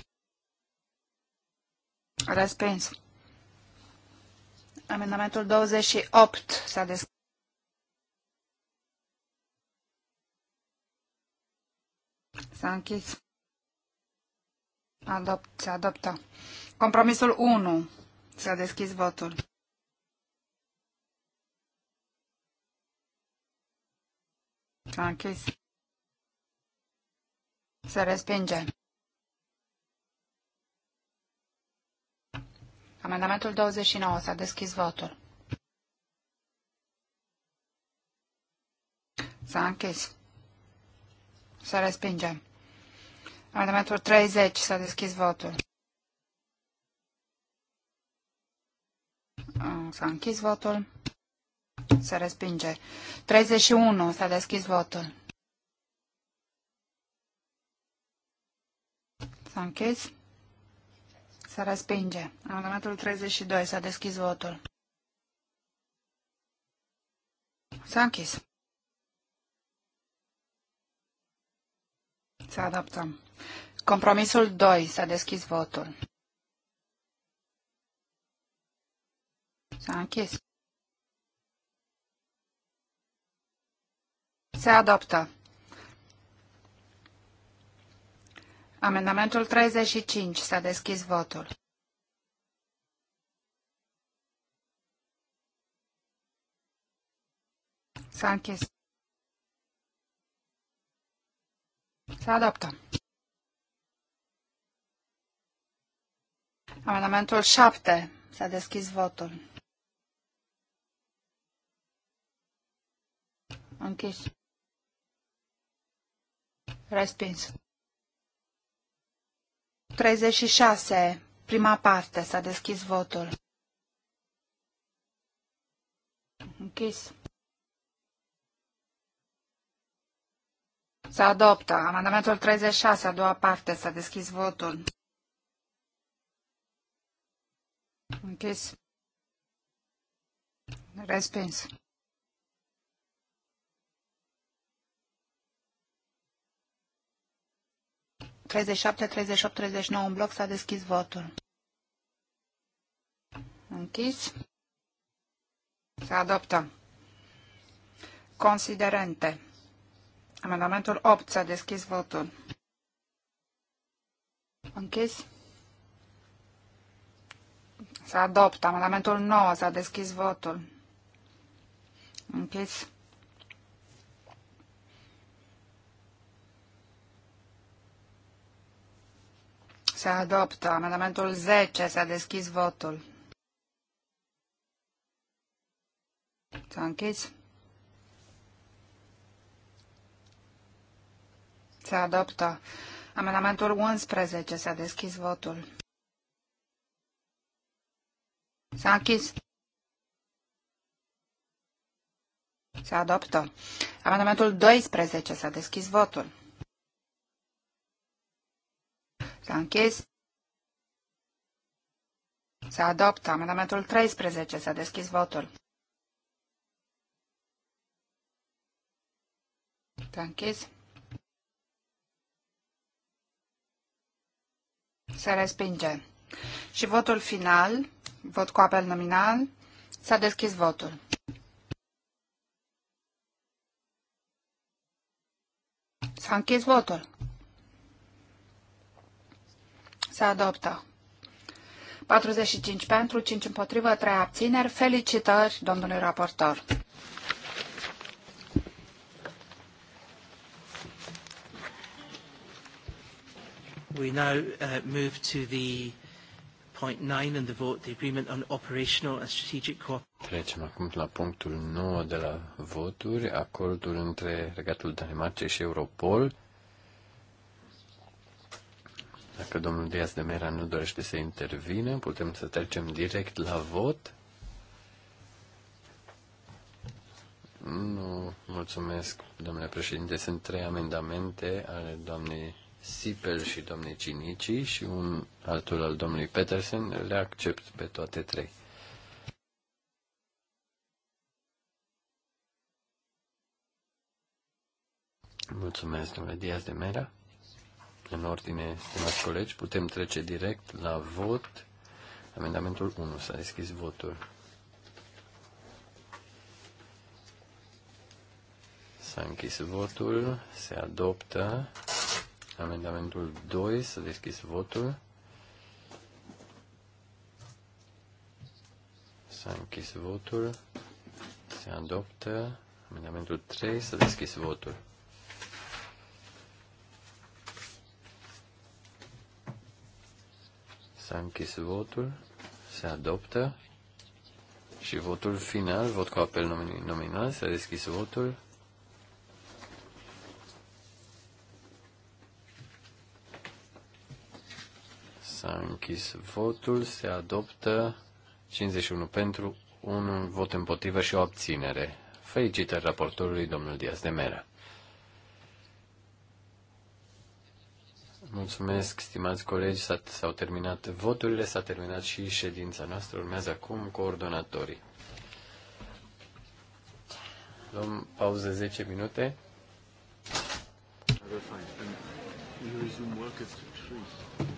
Respins. Amendamentul 28 s-a deschis. S-a închis. Adopt, se adoptă. Compromisul 1. S-a deschis votul. S-a închis. Se respinge. Amendamentul 29. S-a deschis votul. S-a închis. Se respinge. Amendamentul 30. S-a deschis votul. S-a închis votul. Se respinge. 31. S-a deschis votul. S-a închis. Se respinge. Amendamentul 32. S-a deschis votul. S-a închis. Să adaptăm. Compromisul 2. S-a deschis votul. S-a închis. Se adoptă. Amendamentul 35. S-a deschis votul. S-a închis. Se adoptă. Amendamentul 7. S-a deschis votul. Închis. Respins. 36. Prima parte. S-a deschis votul. Închis. Se adoptă. Amendamentul 36, a doua parte. S-a deschis votul. Închis. Respins. Treizeci șapte, treizeci opt, treizeci nouă în bloc s-a deschis votul. Închis. Se adoptă. Considerente. Amendamentul 8 s-a deschis votul. Închis. Se adoptă. Amendamentul 9. S-a deschis votul. Închis. Se adoptă. Amendamentul 10. S-a deschis votul. S-a închis. Se adoptă. Amendamentul 11. S-a deschis votul. S-a închis. Se adoptă. Amendamentul 12. S-a deschis votul. S-a închis. Se adoptă. Amendamentul 13. S-a deschis votul. S-a închis. Se respinge. Și votul final. Vot cu apel nominal. S-a deschis votul. S-a închis votul. Se adoptă. 45 pentru, 5 împotrivă, 3 abțineri. Felicitări, domnului raportor. We now uh, move to the point 9 in the vote, the agreement on operational and strategic Trecem acum la punctul 9 de la voturi, acordul între Regatul Danemarcei și Europol. Dacă domnul Diaz de Mera nu dorește să intervină, putem să trecem direct la vot. Nu, mulțumesc, domnule președinte. Sunt trei amendamente ale doamnei Sipel și domnului Cinici și un altul al domnului Petersen, le accept pe toate trei. Mulțumesc, domnule Diaz de Mera. În ordine, stimați colegi, putem trece direct la vot. Amendamentul 1. S-a deschis votul. S-a închis votul. Se adoptă. Amendamentul 2, să deschis votul. S-a închis votul. Se adoptă. Amendamentul 3, să deschis votul. S-a închis votul. Se adoptă. Și votul final, vot cu apel nominal, s-a deschis votul. S-a închis votul, se adoptă 51 pentru, un vot împotrivă și o abținere. Felicitări raportorului domnul Diaz de Mera. Mulțumesc, stimați colegi, s-au terminat voturile, s-a terminat și ședința noastră. Urmează acum coordonatorii. Luăm pauză 10 minute. You